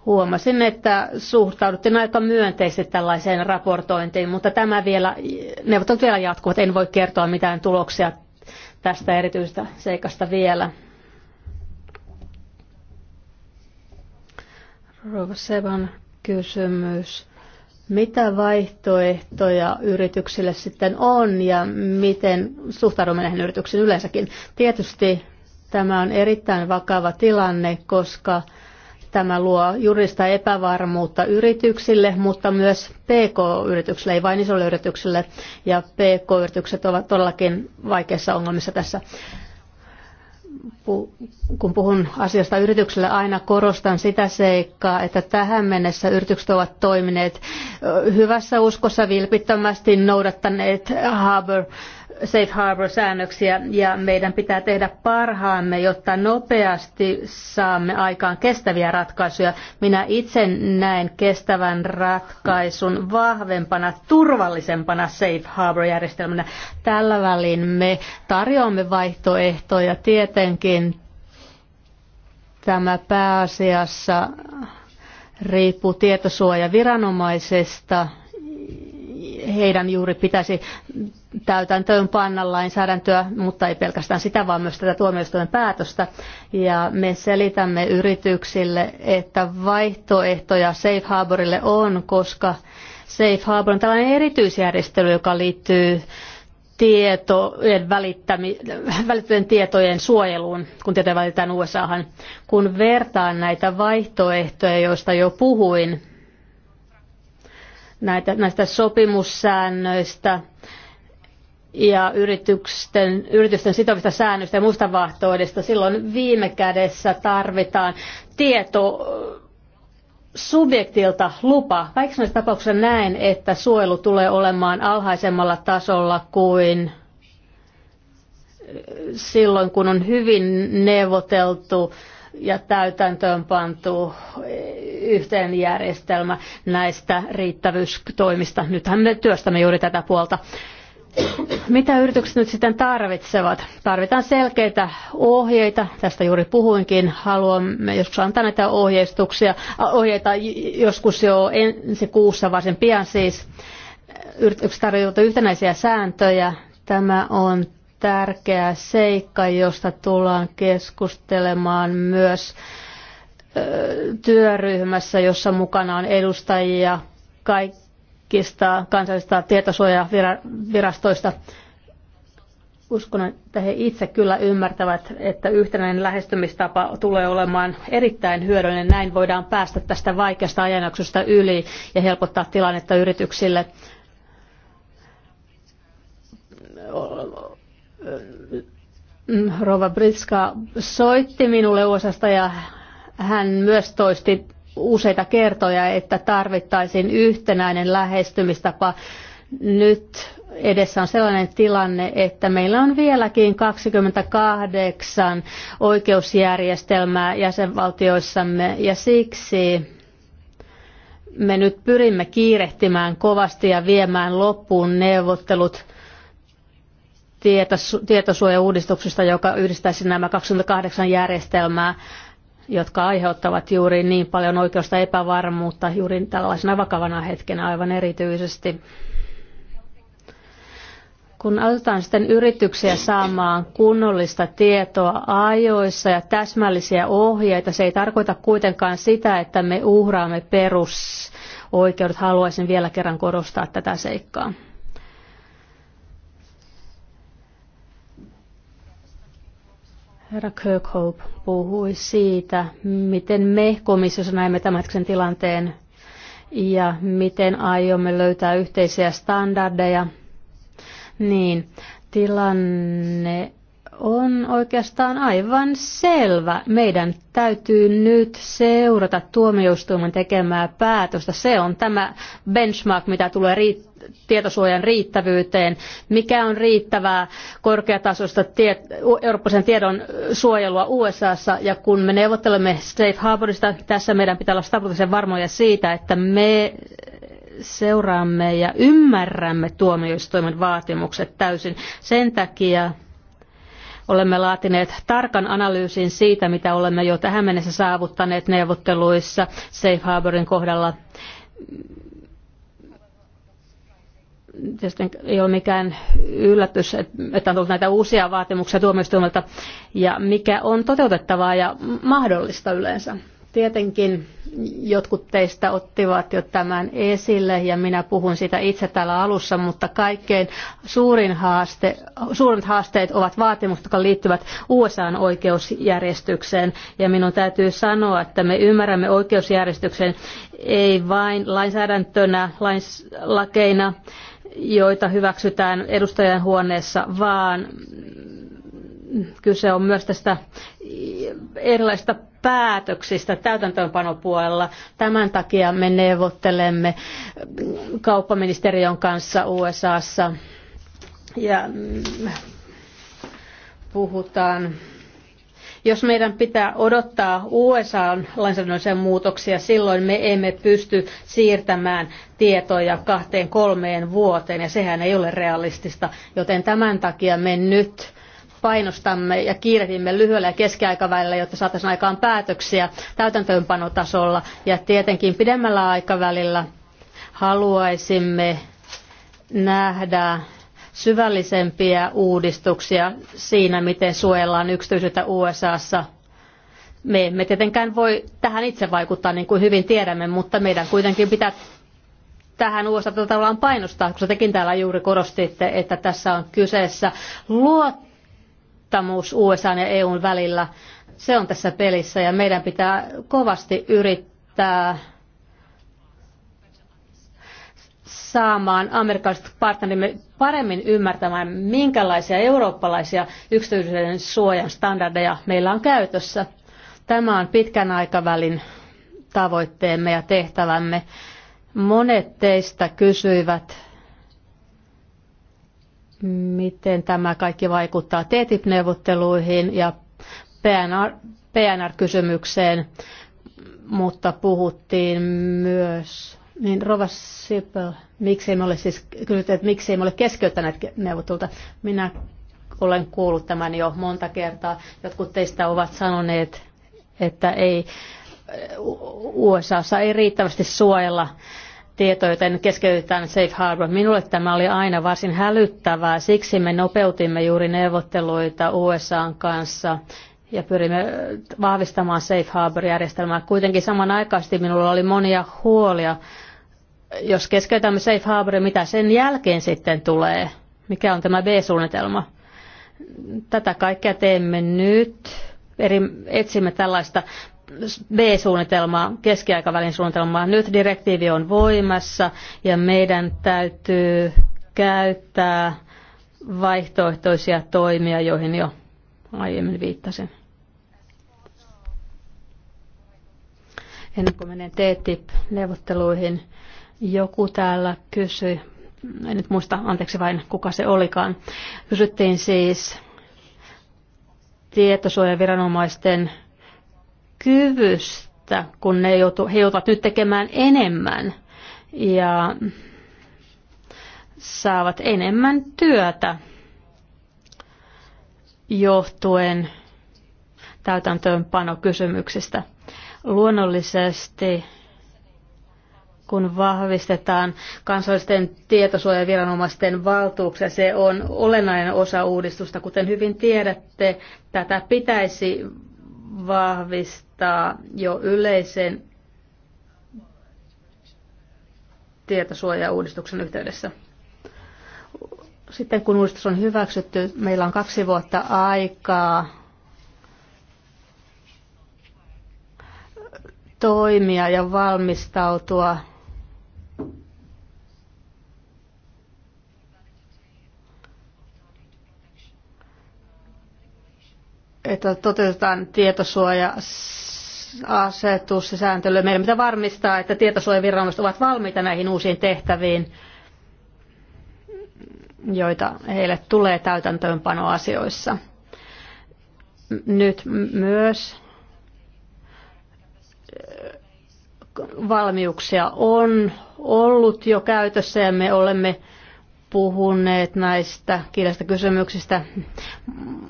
Huomasin, että suhtauduttiin aika myönteisesti tällaiseen raportointiin, mutta tämä vielä, neuvottelut vielä jatkuvat. En voi kertoa mitään tuloksia tästä erityisestä seikasta vielä. Rova Sevan kysymys. Mitä vaihtoehtoja yrityksille sitten on ja miten suhtaudumme näihin yrityksiin yleensäkin? Tietysti tämä on erittäin vakava tilanne, koska Tämä luo juridista epävarmuutta yrityksille, mutta myös PK-yrityksille, ei vain isolle yrityksille. Ja PK-yritykset ovat todellakin vaikeissa ongelmissa tässä. Kun puhun asiasta yrityksille, aina korostan sitä seikkaa, että tähän mennessä yritykset ovat toimineet hyvässä uskossa vilpittömästi noudattaneet Haber safe harbor-säännöksiä ja meidän pitää tehdä parhaamme, jotta nopeasti saamme aikaan kestäviä ratkaisuja. Minä itse näen kestävän ratkaisun vahvempana, turvallisempana safe harbor-järjestelmänä. Tällä välin me tarjoamme vaihtoehtoja tietenkin tämä pääasiassa riippuu tietosuojaviranomaisesta. Heidän juuri pitäisi täytäntöön panna lainsäädäntöä, mutta ei pelkästään sitä, vaan myös tätä tuomioistuimen päätöstä. Ja me selitämme yrityksille, että vaihtoehtoja Safe Harborille on, koska Safe Harbor on tällainen erityisjärjestely, joka liittyy tietojen välittämien tietojen suojeluun, kun tietoja välitetään USAhan. Kun vertaan näitä vaihtoehtoja, joista jo puhuin, näitä, näistä sopimussäännöistä, ja yritysten, yritysten sitovista säännöistä ja muista vahtoidesta. Silloin viime kädessä tarvitaan tieto subjektilta lupa. Kaikissa tapauksissa näen, että suojelu tulee olemaan alhaisemmalla tasolla kuin silloin, kun on hyvin neuvoteltu ja täytäntöön pantu yhteen järjestelmä näistä riittävyystoimista. Nythän me työstämme juuri tätä puolta. Mitä yritykset nyt sitten tarvitsevat? Tarvitaan selkeitä ohjeita, tästä juuri puhuinkin, haluamme joskus antaa näitä ohjeistuksia, ohjeita joskus jo ensi kuussa varsin pian siis. Yritykset tarvitsevat yhtenäisiä sääntöjä, tämä on tärkeä seikka, josta tullaan keskustelemaan myös työryhmässä, jossa mukana on edustajia kaikki tarkistaa kansallisista tietosuojavirastoista. Uskon, että he itse kyllä ymmärtävät, että yhtenäinen lähestymistapa tulee olemaan erittäin hyödyllinen. Näin voidaan päästä tästä vaikeasta ajanjaksosta yli ja helpottaa tilannetta yrityksille Rova Britska soitti minulle osasta ja hän myös toisti useita kertoja, että tarvittaisiin yhtenäinen lähestymistapa. Nyt edessä on sellainen tilanne, että meillä on vieläkin 28 oikeusjärjestelmää jäsenvaltioissamme ja siksi me nyt pyrimme kiirehtimään kovasti ja viemään loppuun neuvottelut tietosuojauudistuksesta, joka yhdistäisi nämä 28 järjestelmää jotka aiheuttavat juuri niin paljon oikeusta epävarmuutta juuri tällaisena vakavana hetkenä aivan erityisesti. Kun autetaan sitten yrityksiä saamaan kunnollista tietoa ajoissa ja täsmällisiä ohjeita, se ei tarkoita kuitenkaan sitä, että me uhraamme perusoikeudet. Haluaisin vielä kerran korostaa tätä seikkaa. Herra Kirkhope puhui siitä, miten me komissiossa näemme tämänhetkisen tilanteen ja miten aiomme löytää yhteisiä standardeja. Niin, tilanne on oikeastaan aivan selvä. Meidän täytyy nyt seurata tuomioistuimen tekemää päätöstä. Se on tämä benchmark, mitä tulee riittämään tietosuojan riittävyyteen, mikä on riittävää korkeatasoista tiet, eurooppalaisen tiedon suojelua USAssa ja kun me neuvottelemme Safe Harborista, tässä meidän pitää olla stabiilisen varmoja siitä, että me seuraamme ja ymmärrämme tuomioistuimen vaatimukset täysin. Sen takia olemme laatineet tarkan analyysin siitä, mitä olemme jo tähän mennessä saavuttaneet neuvotteluissa Safe Harborin kohdalla tietysti ei ole mikään yllätys, että on tullut näitä uusia vaatimuksia tuomioistuimelta ja mikä on toteutettavaa ja mahdollista yleensä. Tietenkin jotkut teistä ottivat jo tämän esille ja minä puhun siitä itse täällä alussa, mutta kaikkein suurin haaste, suurimmat haasteet ovat vaatimukset, jotka liittyvät USAn oikeusjärjestykseen. Ja minun täytyy sanoa, että me ymmärrämme oikeusjärjestyksen ei vain lainsäädäntönä, lains, lakeina, joita hyväksytään edustajien huoneessa, vaan kyse on myös tästä erilaisista päätöksistä täytäntöönpanopuolella. Tämän takia me neuvottelemme kauppaministeriön kanssa USAssa ja puhutaan jos meidän pitää odottaa USA-lainsäädännöllisiä muutoksia, silloin me emme pysty siirtämään tietoja kahteen kolmeen vuoteen, ja sehän ei ole realistista. Joten tämän takia me nyt painostamme ja kiirehdimme lyhyellä ja keskiaikavälillä, jotta saataisiin aikaan päätöksiä täytäntöönpanotasolla. Ja tietenkin pidemmällä aikavälillä haluaisimme nähdä syvällisempiä uudistuksia siinä, miten suojellaan yksityisyyttä USAssa. Me emme tietenkään voi tähän itse vaikuttaa, niin kuin hyvin tiedämme, mutta meidän kuitenkin pitää tähän USA tavallaan painostaa, koska tekin täällä juuri korostitte, että tässä on kyseessä luottamus USA ja EUn välillä. Se on tässä pelissä ja meidän pitää kovasti yrittää saamaan amerikkalaiset partnerimme paremmin ymmärtämään, minkälaisia eurooppalaisia yksityisyyden suojan standardeja meillä on käytössä. Tämä on pitkän aikavälin tavoitteemme ja tehtävämme. Monet teistä kysyivät, miten tämä kaikki vaikuttaa TTIP-neuvotteluihin ja PNR, PNR-kysymykseen, mutta puhuttiin myös niin Rova Sipel, miksei me ole siis, kysytty, että miksei me ole keskeyttäneet neuvotulta. Minä olen kuullut tämän jo monta kertaa. Jotkut teistä ovat sanoneet, että ei eh, USAssa ei riittävästi suojella tietoja, joten keskeytetään Safe Harbor. Minulle tämä oli aina varsin hälyttävää, siksi me nopeutimme juuri neuvotteluita USAn kanssa ja pyrimme vahvistamaan Safe Harbor-järjestelmää. Kuitenkin samanaikaisesti minulla oli monia huolia. Jos keskeytämme Safe Harborin, mitä sen jälkeen sitten tulee? Mikä on tämä B-suunnitelma? Tätä kaikkea teemme nyt. Eri, etsimme tällaista B-suunnitelmaa, keskiaikavälin suunnitelmaa. Nyt direktiivi on voimassa ja meidän täytyy käyttää vaihtoehtoisia toimia, joihin jo aiemmin viittasin. ennen kuin menen TTIP-neuvotteluihin. Joku täällä kysyi, en nyt muista, anteeksi vain kuka se olikaan, kysyttiin siis tietosuojaviranomaisten kyvystä, kun ne joutu, he joutuvat nyt tekemään enemmän ja saavat enemmän työtä johtuen täytäntöönpanokysymyksistä. Luonnollisesti kun vahvistetaan kansallisten tietosuojaviranomaisten valtuuksia. Se on olennainen osa uudistusta. Kuten hyvin tiedätte, tätä pitäisi vahvistaa jo yleisen tietosuojauudistuksen yhteydessä. Sitten kun uudistus on hyväksytty, meillä on kaksi vuotta aikaa toimia ja valmistautua että toteutetaan tietosuoja asetus ja sääntely. Meidän pitää varmistaa, että tietosuojaviranomaiset ovat valmiita näihin uusiin tehtäviin, joita heille tulee täytäntöönpanoasioissa. Nyt myös valmiuksia on ollut jo käytössä ja me olemme puhuneet näistä kielestä kysymyksistä,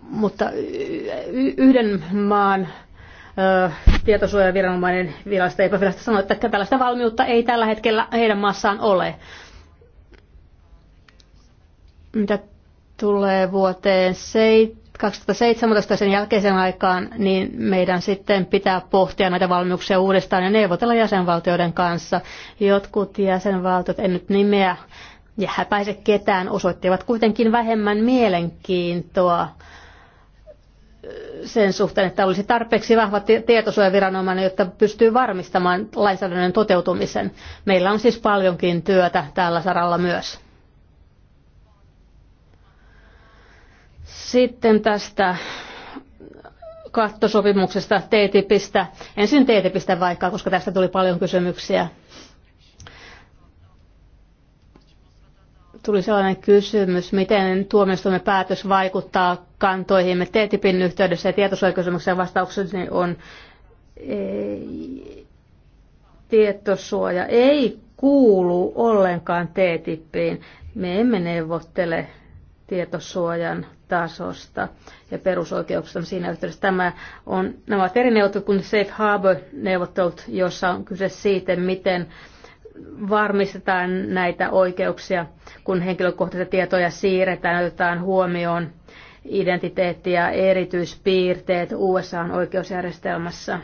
mutta yhden maan tietosuojaviranomainen virallista epävirallista sanoi, että tällaista valmiutta ei tällä hetkellä heidän maassaan ole. Mitä tulee vuoteen 7, 2017 sen jälkeisen aikaan, niin meidän sitten pitää pohtia näitä valmiuksia uudestaan ja neuvotella jäsenvaltioiden kanssa. Jotkut jäsenvaltiot, en nyt nimeä ja häpäise ketään, osoittivat kuitenkin vähemmän mielenkiintoa sen suhteen, että olisi tarpeeksi vahva tietosuojaviranomainen, jotta pystyy varmistamaan lainsäädännön toteutumisen. Meillä on siis paljonkin työtä tällä saralla myös. Sitten tästä kattosopimuksesta TTIPistä. Ensin TTIPistä vaikka, koska tästä tuli paljon kysymyksiä. Tuli sellainen kysymys, miten tuomioistuimen päätös vaikuttaa kantoihimme TTIPin yhteydessä ja tietosuojakysymyksen vastaukseni niin on ei, tietosuoja ei kuulu ollenkaan TTIPiin. Me emme neuvottele tietosuojan tasosta ja perusoikeuksista siinä yhteydessä. Tämä on, nämä ovat eri neuvottelut kuin Safe Harbor-neuvottelut, jossa on kyse siitä, miten varmistetaan näitä oikeuksia, kun henkilökohtaisia tietoja siirretään, otetaan huomioon identiteetti ja erityispiirteet on oikeusjärjestelmässä.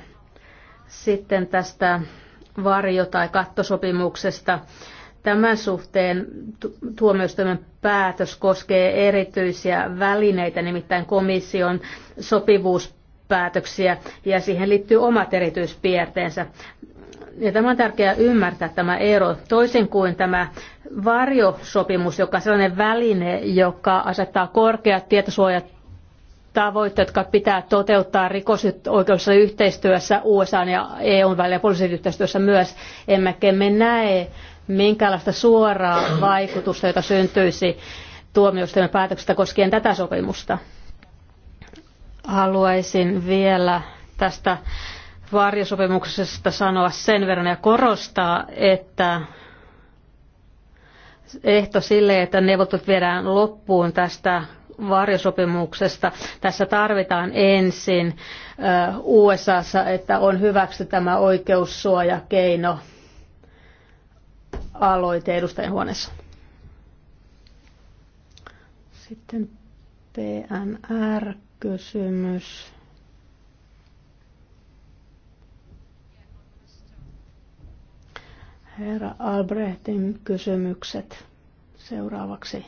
Sitten tästä varjo- tai kattosopimuksesta Tämän suhteen tuomioistuimen päätös koskee erityisiä välineitä, nimittäin komission sopivuuspäätöksiä, ja siihen liittyy omat erityispiirteensä. Ja tämä on tärkeää ymmärtää tämä ero, toisin kuin tämä varjosopimus, joka on sellainen väline, joka asettaa korkeat tietosuojat tavoitteet, jotka pitää toteuttaa rikosoikeudessa yhteistyössä USA ja EUn välillä ja poliisiyhteistyössä myös, emmekä me näe minkäänlaista suoraa vaikutusta, jota syntyisi tuomioistuimen päätöksestä koskien tätä sopimusta. Haluaisin vielä tästä varjosopimuksesta sanoa sen verran ja korostaa, että ehto sille, että neuvottelut viedään loppuun tästä varjosopimuksesta. Tässä tarvitaan ensin USAssa, että on hyväksytty tämä oikeussuojakeino aloite edustajan huoneessa. Sitten PNR-kysymys. Herra Albrehtin kysymykset seuraavaksi.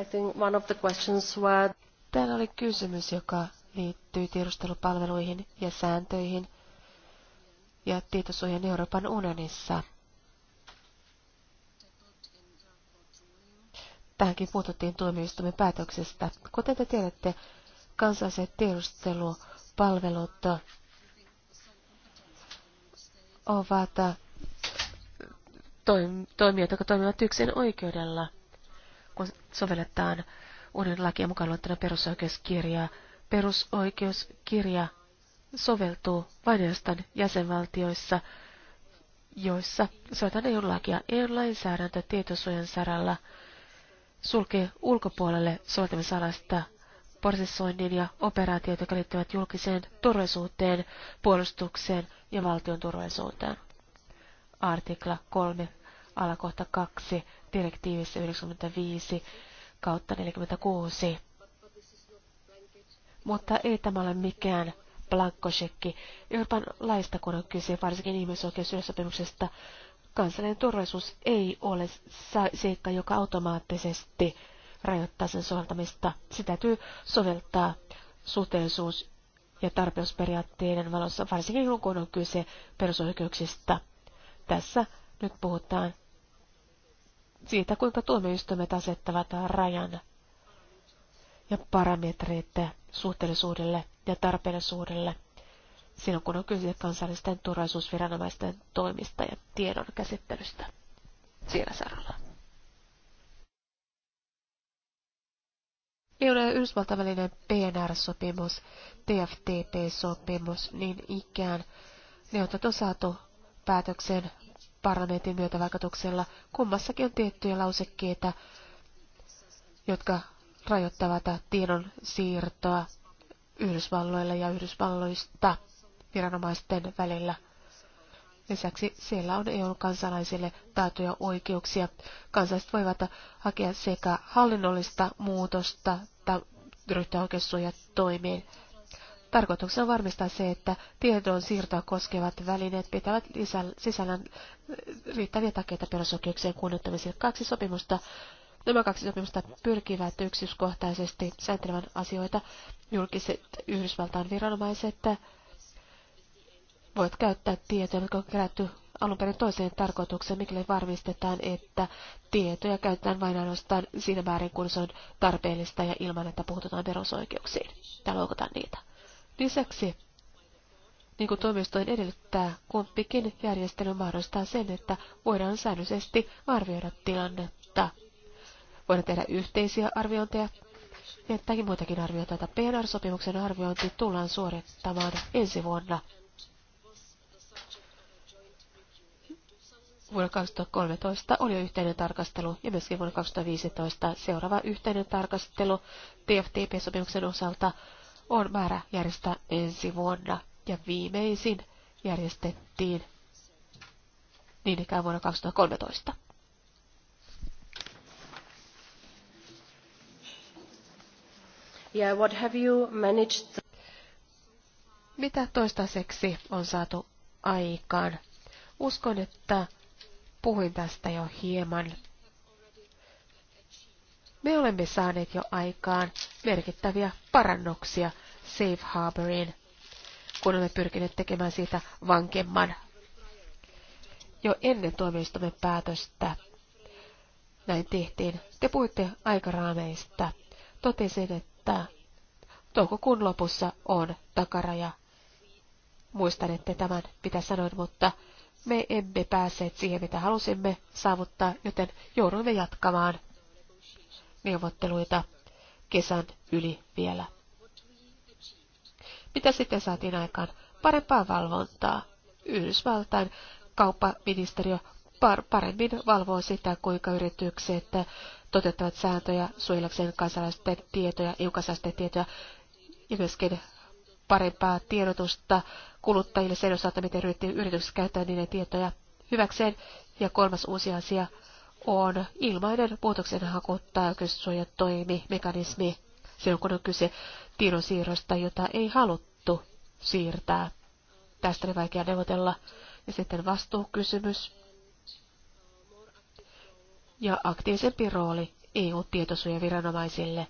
I think one of the questions were... Täällä oli kysymys, joka liittyy tiedustelupalveluihin ja sääntöihin ja tietosuojan Euroopan unionissa. Tähänkin puututtiin tuomioistuimen päätöksestä. Kuten te tiedätte, kansalliset tiedustelupalvelut ovat toimijat, jotka toimivat yksin oikeudella, kun sovelletaan uuden lakia mukaan luettuna perusoikeuskirjaa perusoikeuskirja soveltuu vain jäsenvaltioissa, joissa soitan EU-lakia. EU-lainsäädäntö tietosuojan saralla sulkee ulkopuolelle soveltamisalasta prosessoinnin ja operaatiot, jotka liittyvät julkiseen turvallisuuteen, puolustukseen ja valtion turvallisuuteen. Artikla 3, alakohta 2, direktiivissä 95 kautta 46 mutta ei tämä ole mikään blankkosekki. Euroopan laista kun on kyse, varsinkin ihmisoikeusyössopimuksesta, kansallinen turvallisuus ei ole seikka, joka automaattisesti rajoittaa sen soveltamista. Sitä täytyy soveltaa suhteellisuus- ja tarpeusperiaatteiden valossa, varsinkin kun on kyse perusoikeuksista. Tässä nyt puhutaan siitä, kuinka tuomioistuimet asettavat rajan ja parametreitä suhteellisuudelle ja tarpeellisuudelle silloin, kun on kyse kansallisten turvallisuusviranomaisten toimista ja tiedon käsittelystä siellä saralla. EU- ja Yhdysvaltavälinen PNR-sopimus, TFTP-sopimus, niin ikään ne on saatu päätöksen parlamentin myötävaikutuksella. Kummassakin on tiettyjä lausekkeita, jotka rajoittavat tiedon siirtoa Yhdysvalloille ja Yhdysvalloista viranomaisten välillä. Lisäksi siellä on EUn kansalaisille taatuja oikeuksia. Kansalaiset voivat hakea sekä hallinnollista muutosta tai ryhtyä oikeussuojatoimiin. Tarkoituksena on varmistaa se, että tiedon siirtoa koskevat välineet pitävät sisällään riittäviä takeita perusoikeuksien kunnioittamiselle. Kaksi sopimusta Nämä kaksi sopimusta pyrkivät yksityiskohtaisesti sääntelemään asioita. Julkiset Yhdysvaltain viranomaiset voivat käyttää tietoja, jotka on kerätty alun perin toiseen tarkoitukseen, mikäli varmistetaan, että tietoja käytetään vain ainoastaan siinä määrin, kun se on tarpeellista ja ilman, että puhutaan perusoikeuksiin tai loukataan niitä. Lisäksi, niin kuin tuomioistuin edellyttää, kumpikin järjestely mahdollistaa sen, että voidaan säännöllisesti arvioida tilannetta voidaan tehdä yhteisiä arviointeja. Tämäkin muitakin arvioita, että PNR-sopimuksen arviointi tullaan suorittamaan ensi vuonna. Vuonna 2013 oli jo yhteinen tarkastelu ja myöskin vuonna 2015 seuraava yhteinen tarkastelu TFTP-sopimuksen osalta on määrä järjestää ensi vuonna ja viimeisin järjestettiin niin ikään vuonna 2013. Mitä toistaiseksi on saatu aikaan? Uskon, että puhuin tästä jo hieman. Me olemme saaneet jo aikaan merkittäviä parannuksia Safe Harboriin, kun olemme pyrkineet tekemään siitä vankemman jo ennen tuomioistuimen päätöstä. Näin tehtiin. Te puhuitte aikaraameista. Totesin, että että toukokuun lopussa on takaraja. Muistan, että tämän pitää sanoa, mutta me emme päässeet siihen, mitä halusimme saavuttaa, joten jouduimme jatkamaan neuvotteluita kesän yli vielä. Mitä sitten saatiin aikaan? Parempaa valvontaa. Yhdysvaltain kauppaministeriö paremmin valvoo sitä, kuinka yritykset toteuttavat sääntöjä suojellakseen kansalaisten tietoja, eu tietoja ja myöskin parempaa tiedotusta kuluttajille sen osalta, miten yritykset käyttää niiden tietoja hyväkseen. Ja kolmas uusi asia on ilmainen muutoksenhaku tai oikeussuojatoimi, mekanismi, silloin kun on kyse tiedonsiirrosta, jota ei haluttu siirtää. Tästä oli vaikea neuvotella. Ja sitten vastuukysymys ja aktiivisempi rooli EU-tietosuojaviranomaisille.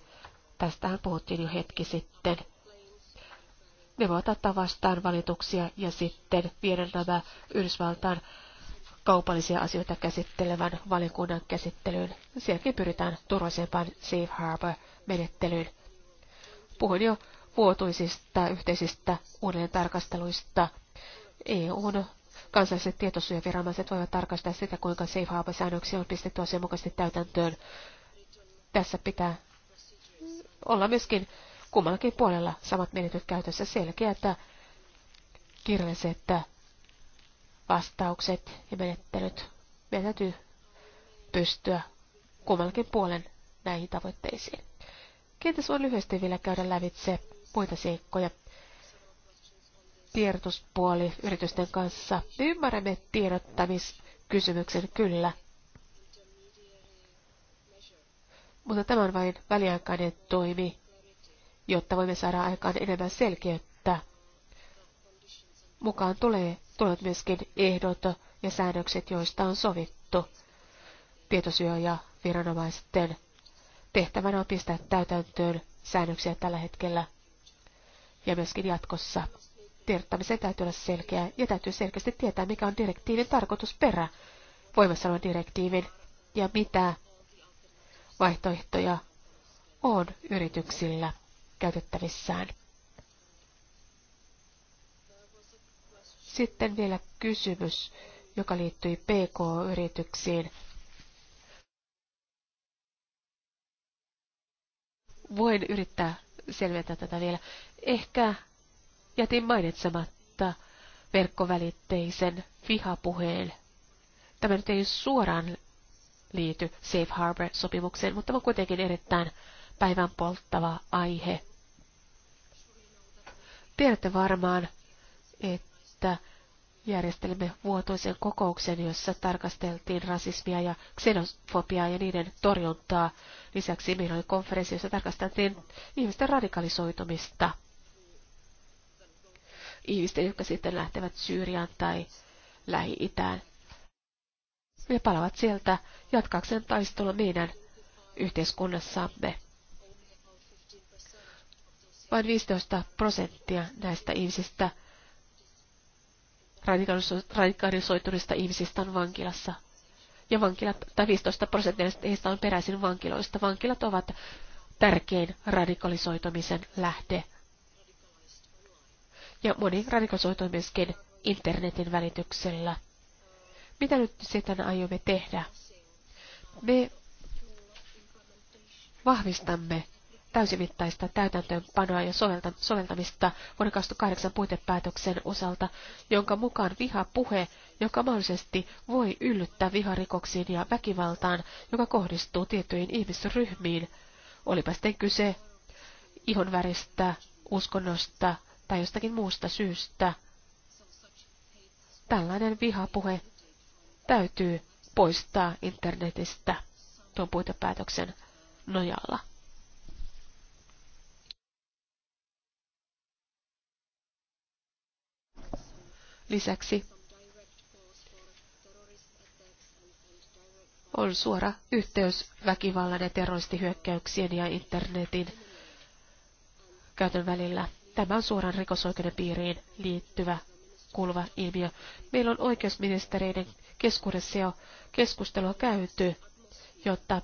Tästähän puhuttiin jo hetki sitten. Ne voivat ottaa vastaan valituksia ja sitten viedä nämä Yhdysvaltain kaupallisia asioita käsittelevän valikunnan käsittelyyn. Sielläkin pyritään turvallisempaan safe harbor-menettelyyn. Puhuin jo vuotuisista yhteisistä uudelleen tarkasteluista EUn Kansalliset tietosuojaviranomaiset voivat tarkastaa sitä, kuinka Safe Harbor-säännöksiä on pistetty asianmukaisesti täytäntöön. Tässä pitää olla myöskin kummallakin puolella samat menetyt käytössä että kirjalliset vastaukset ja menettelyt. Meidän täytyy pystyä kummallakin puolen näihin tavoitteisiin. Kiitos, on lyhyesti vielä käydä lävitse muita seikkoja tiedotuspuoli yritysten kanssa. Ymmärrämme tiedottamiskysymyksen kyllä. Mutta tämä on vain väliaikainen toimi, jotta voimme saada aikaan enemmän selkeyttä. Mukaan tulee, tulevat myöskin ehdot ja säännökset, joista on sovittu. Tietosyö ja viranomaisten tehtävänä on pistää täytäntöön säännöksiä tällä hetkellä ja myöskin jatkossa tiedottamisen täytyy olla selkeä ja täytyy selkeästi tietää, mikä on direktiivin tarkoitusperä, voimassa olevan direktiivin ja mitä vaihtoehtoja on yrityksillä käytettävissään. Sitten vielä kysymys, joka liittyi PK-yrityksiin. Voin yrittää selventää tätä vielä. Ehkä jätin mainitsematta verkkovälitteisen vihapuheen. Tämä nyt ei suoraan liity Safe Harbor-sopimukseen, mutta on kuitenkin erittäin päivän polttava aihe. Tiedätte varmaan, että järjestelimme vuotoisen kokouksen, jossa tarkasteltiin rasismia ja xenofobiaa ja niiden torjuntaa. Lisäksi meillä oli konferenssi, jossa tarkasteltiin ihmisten radikalisoitumista – ihmistä, jotka sitten lähtevät Syyriaan tai Lähi-Itään. Ja palavat sieltä jatkaakseen taistelua meidän yhteiskunnassamme. Vain 15 prosenttia näistä ihmisistä, radikalisoituneista ihmisistä on vankilassa. Ja vankilat, tai 15 prosenttia heistä on peräisin vankiloista. Vankilat ovat tärkein radikalisoitumisen lähde ja moni radikalisoituu myöskin internetin välityksellä. Mitä nyt sitten aiomme tehdä? Me vahvistamme täysimittaista täytäntöönpanoa ja soveltamista vuoden 2008 puitepäätöksen osalta, jonka mukaan viha-puhe, joka mahdollisesti voi yllyttää viharikoksiin ja väkivaltaan, joka kohdistuu tiettyihin ihmisryhmiin, olipa sitten kyse ihonväristä, uskonnosta, tai jostakin muusta syystä tällainen vihapuhe täytyy poistaa internetistä tuon puitepäätöksen nojalla. Lisäksi on suora yhteys väkivallan ja terroristihyökkäyksien ja internetin käytön välillä. Tämä on suoraan rikosoikeuden piiriin liittyvä kuuluva ilmiö. Meillä on oikeusministeriöiden keskuudessa jo keskustelua käyty, jotta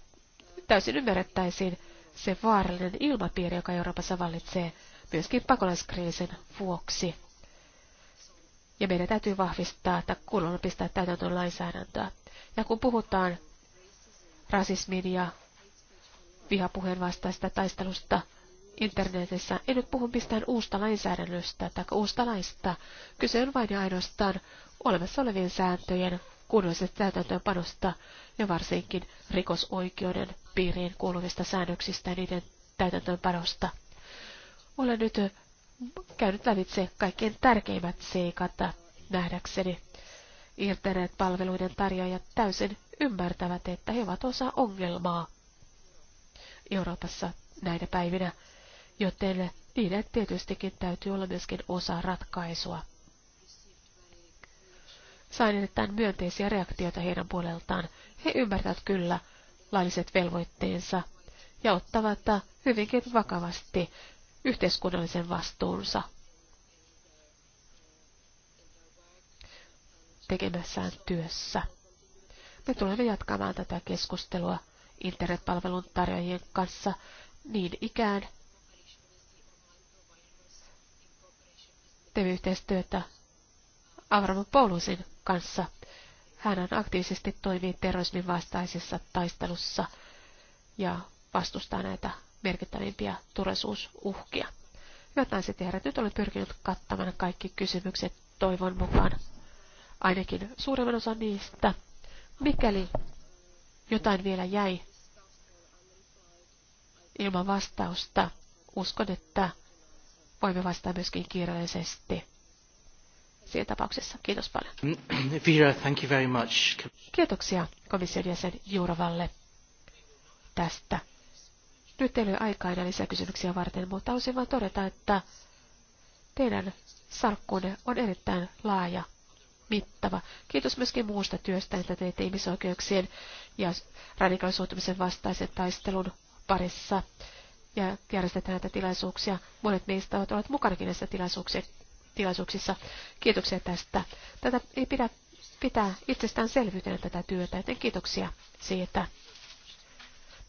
täysin ymmärrettäisiin se vaarallinen ilmapiiri, joka Euroopassa vallitsee myöskin pakolaiskriisin vuoksi. Ja meidän täytyy vahvistaa, että kunnolla pistää täytäntöön lainsäädäntöä. Ja kun puhutaan rasismin ja vihapuheen vastaista taistelusta, internetissä. En nyt puhu mistään uusta lainsäädännöstä tai uusta laista. Kyse on vain ja ainoastaan olemassa olevien sääntöjen kunnollisesta täytäntöönpanosta ja varsinkin rikosoikeuden piiriin kuuluvista säännöksistä ja niiden täytäntöönpanosta. Olen nyt käynyt lävitse kaikkein tärkeimmät seikat nähdäkseni. Internetpalveluiden tarjoajat täysin ymmärtävät, että he ovat osa ongelmaa Euroopassa näinä päivinä niin niiden tietystikin täytyy olla myöskin osa ratkaisua. Sain erittäin myönteisiä reaktioita heidän puoleltaan. He ymmärtävät kyllä lailliset velvoitteensa ja ottavat hyvinkin vakavasti yhteiskunnallisen vastuunsa tekemässään työssä. Me tulemme jatkamaan tätä keskustelua internetpalvelun tarjoajien kanssa niin ikään teemme yhteistyötä Poulusin kanssa. Hän on aktiivisesti toimii terrorismin vastaisessa taistelussa ja vastustaa näitä merkittävimpiä turvallisuusuhkia. Hyvät naiset ja herrat, nyt olen pyrkinyt kattamaan kaikki kysymykset toivon mukaan, ainakin suurimman osan niistä. Mikäli jotain vielä jäi ilman vastausta, uskon, että voimme vastata myöskin kirjallisesti siinä tapauksessa. Kiitos paljon. Mm, Vera, thank you very much. Kiitoksia komission jäsen Juuravalle tästä. Nyt ei ole aikaa enää lisäkysymyksiä varten, mutta haluaisin vain todeta, että teidän salkkunne on erittäin laaja, mittava. Kiitos myöskin muusta työstä, että teitte ihmisoikeuksien ja radikalisoitumisen vastaisen taistelun parissa ja järjestetään näitä tilaisuuksia. Monet meistä ovat olleet mukanakin näissä tilaisuuksissa. Kiitoksia tästä. Tätä ei pidä pitää itsestäänselvyytenä tätä työtä, joten kiitoksia siitä.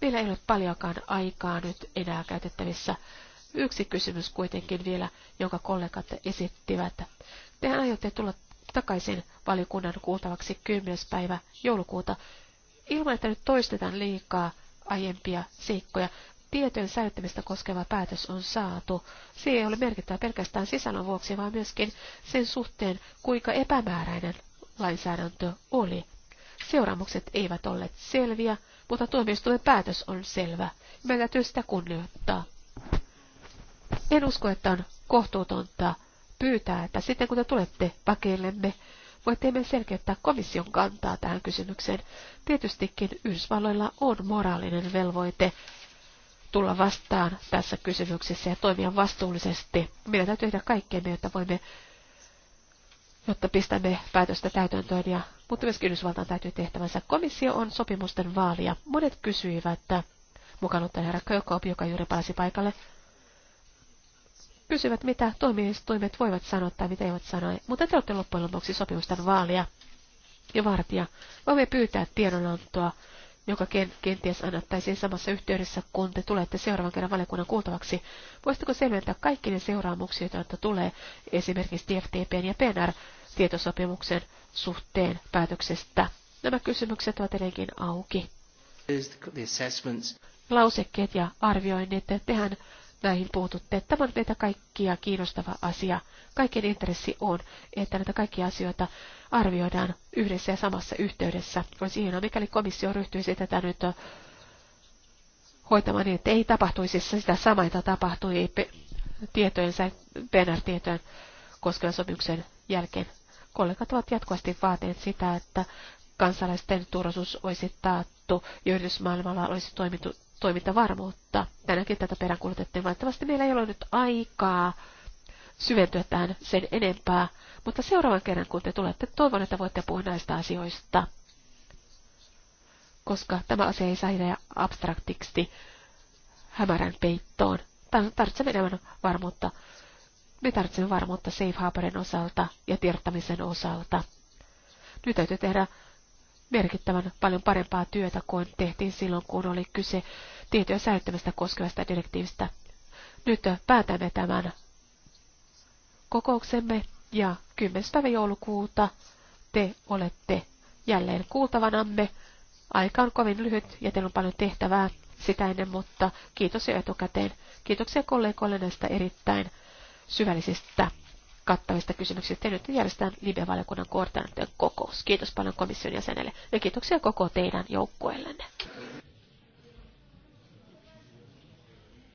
Meillä ei ole paljonkaan aikaa nyt enää käytettävissä. Yksi kysymys kuitenkin vielä, jonka kollegat esittivät. Tehän aiotte tulla takaisin valiokunnan kuultavaksi 10. päivä joulukuuta. Ilman, että nyt toistetaan liikaa aiempia seikkoja, tietojen säilyttämistä koskeva päätös on saatu. Se ei ole merkittävä pelkästään sisällön vuoksi, vaan myöskin sen suhteen, kuinka epämääräinen lainsäädäntö oli. Seuraamukset eivät olleet selviä, mutta tuomioistuimen päätös on selvä. Meidän täytyy sitä kunnioittaa. En usko, että on kohtuutonta pyytää, että sitten kun te tulette pakeillemme, voitte me selkeyttää komission kantaa tähän kysymykseen. Tietystikin Yhdysvalloilla on moraalinen velvoite tulla vastaan tässä kysymyksessä ja toimia vastuullisesti. Meidän täytyy tehdä kaikkeen, jotta voimme jotta pistämme päätöstä täytäntöön, ja, mutta myös Yhdysvaltain täytyy tehtävänsä. Komissio on sopimusten vaalia. Monet kysyivät, että mukaan ottaen herra Kökoop, joka juuri pääsi paikalle, kysyvät, mitä toimijat voivat sanoa tai mitä eivät sanoa, mutta te olette loppujen lopuksi sopimusten vaalia ja vartija. Voimme pyytää tiedonantoa joka kenties annattaisiin samassa yhteydessä, kun te tulette seuraavan kerran valiokunnan kuultavaksi. Voisitteko selventää kaikki ne seuraamuksia, joita tulee esimerkiksi TFTPn ja PNR-tietosopimuksen suhteen päätöksestä? Nämä kysymykset ovat edelleenkin auki. Lausekkeet ja arvioinnit, tehän näihin puututte. Tämä on meitä kaikkia kiinnostava asia. Kaiken intressi on, että näitä kaikkia asioita arvioidaan yhdessä ja samassa yhteydessä. Olisi hienoa, mikäli komissio ryhtyisi tätä nyt hoitamaan niin, että ei tapahtuisi sitä samaa, että tapahtui tietojensa, PNR-tietojen koskevan sopimuksen jälkeen. Kollegat ovat jatkuvasti vaatineet sitä, että kansalaisten turvallisuus olisi taattu ja yritysmaailmalla olisi toimittu, toimintavarmuutta. Tänäänkin tätä peräänkuulutettiin. Valitettavasti meillä ei ole nyt aikaa syventyä tähän sen enempää. Mutta seuraavan kerran, kun te tulette, toivon, että voitte puhua näistä asioista, koska tämä asia ei saa jäädä abstraktiksi hämärän peittoon. Tarvitsemme enemmän varmuutta. Me tarvitsemme varmuutta Safe Harborin osalta ja tiedottamisen osalta. Nyt täytyy tehdä merkittävän paljon parempaa työtä kuin tehtiin silloin, kun oli kyse tietoja säilyttämistä koskevasta direktiivistä. Nyt päätämme tämän kokouksemme ja 10. päivä joulukuuta te olette jälleen kuultavanamme. Aika on kovin lyhyt ja teillä on paljon tehtävää sitä ennen, mutta kiitos jo etukäteen. Kiitoksia kollegoille näistä erittäin syvällisistä kattavista kysymyksistä. Ja nyt järjestetään libia valiokunnan kokous. Kiitos paljon komission jäsenelle ja kiitoksia koko teidän joukkueellenne.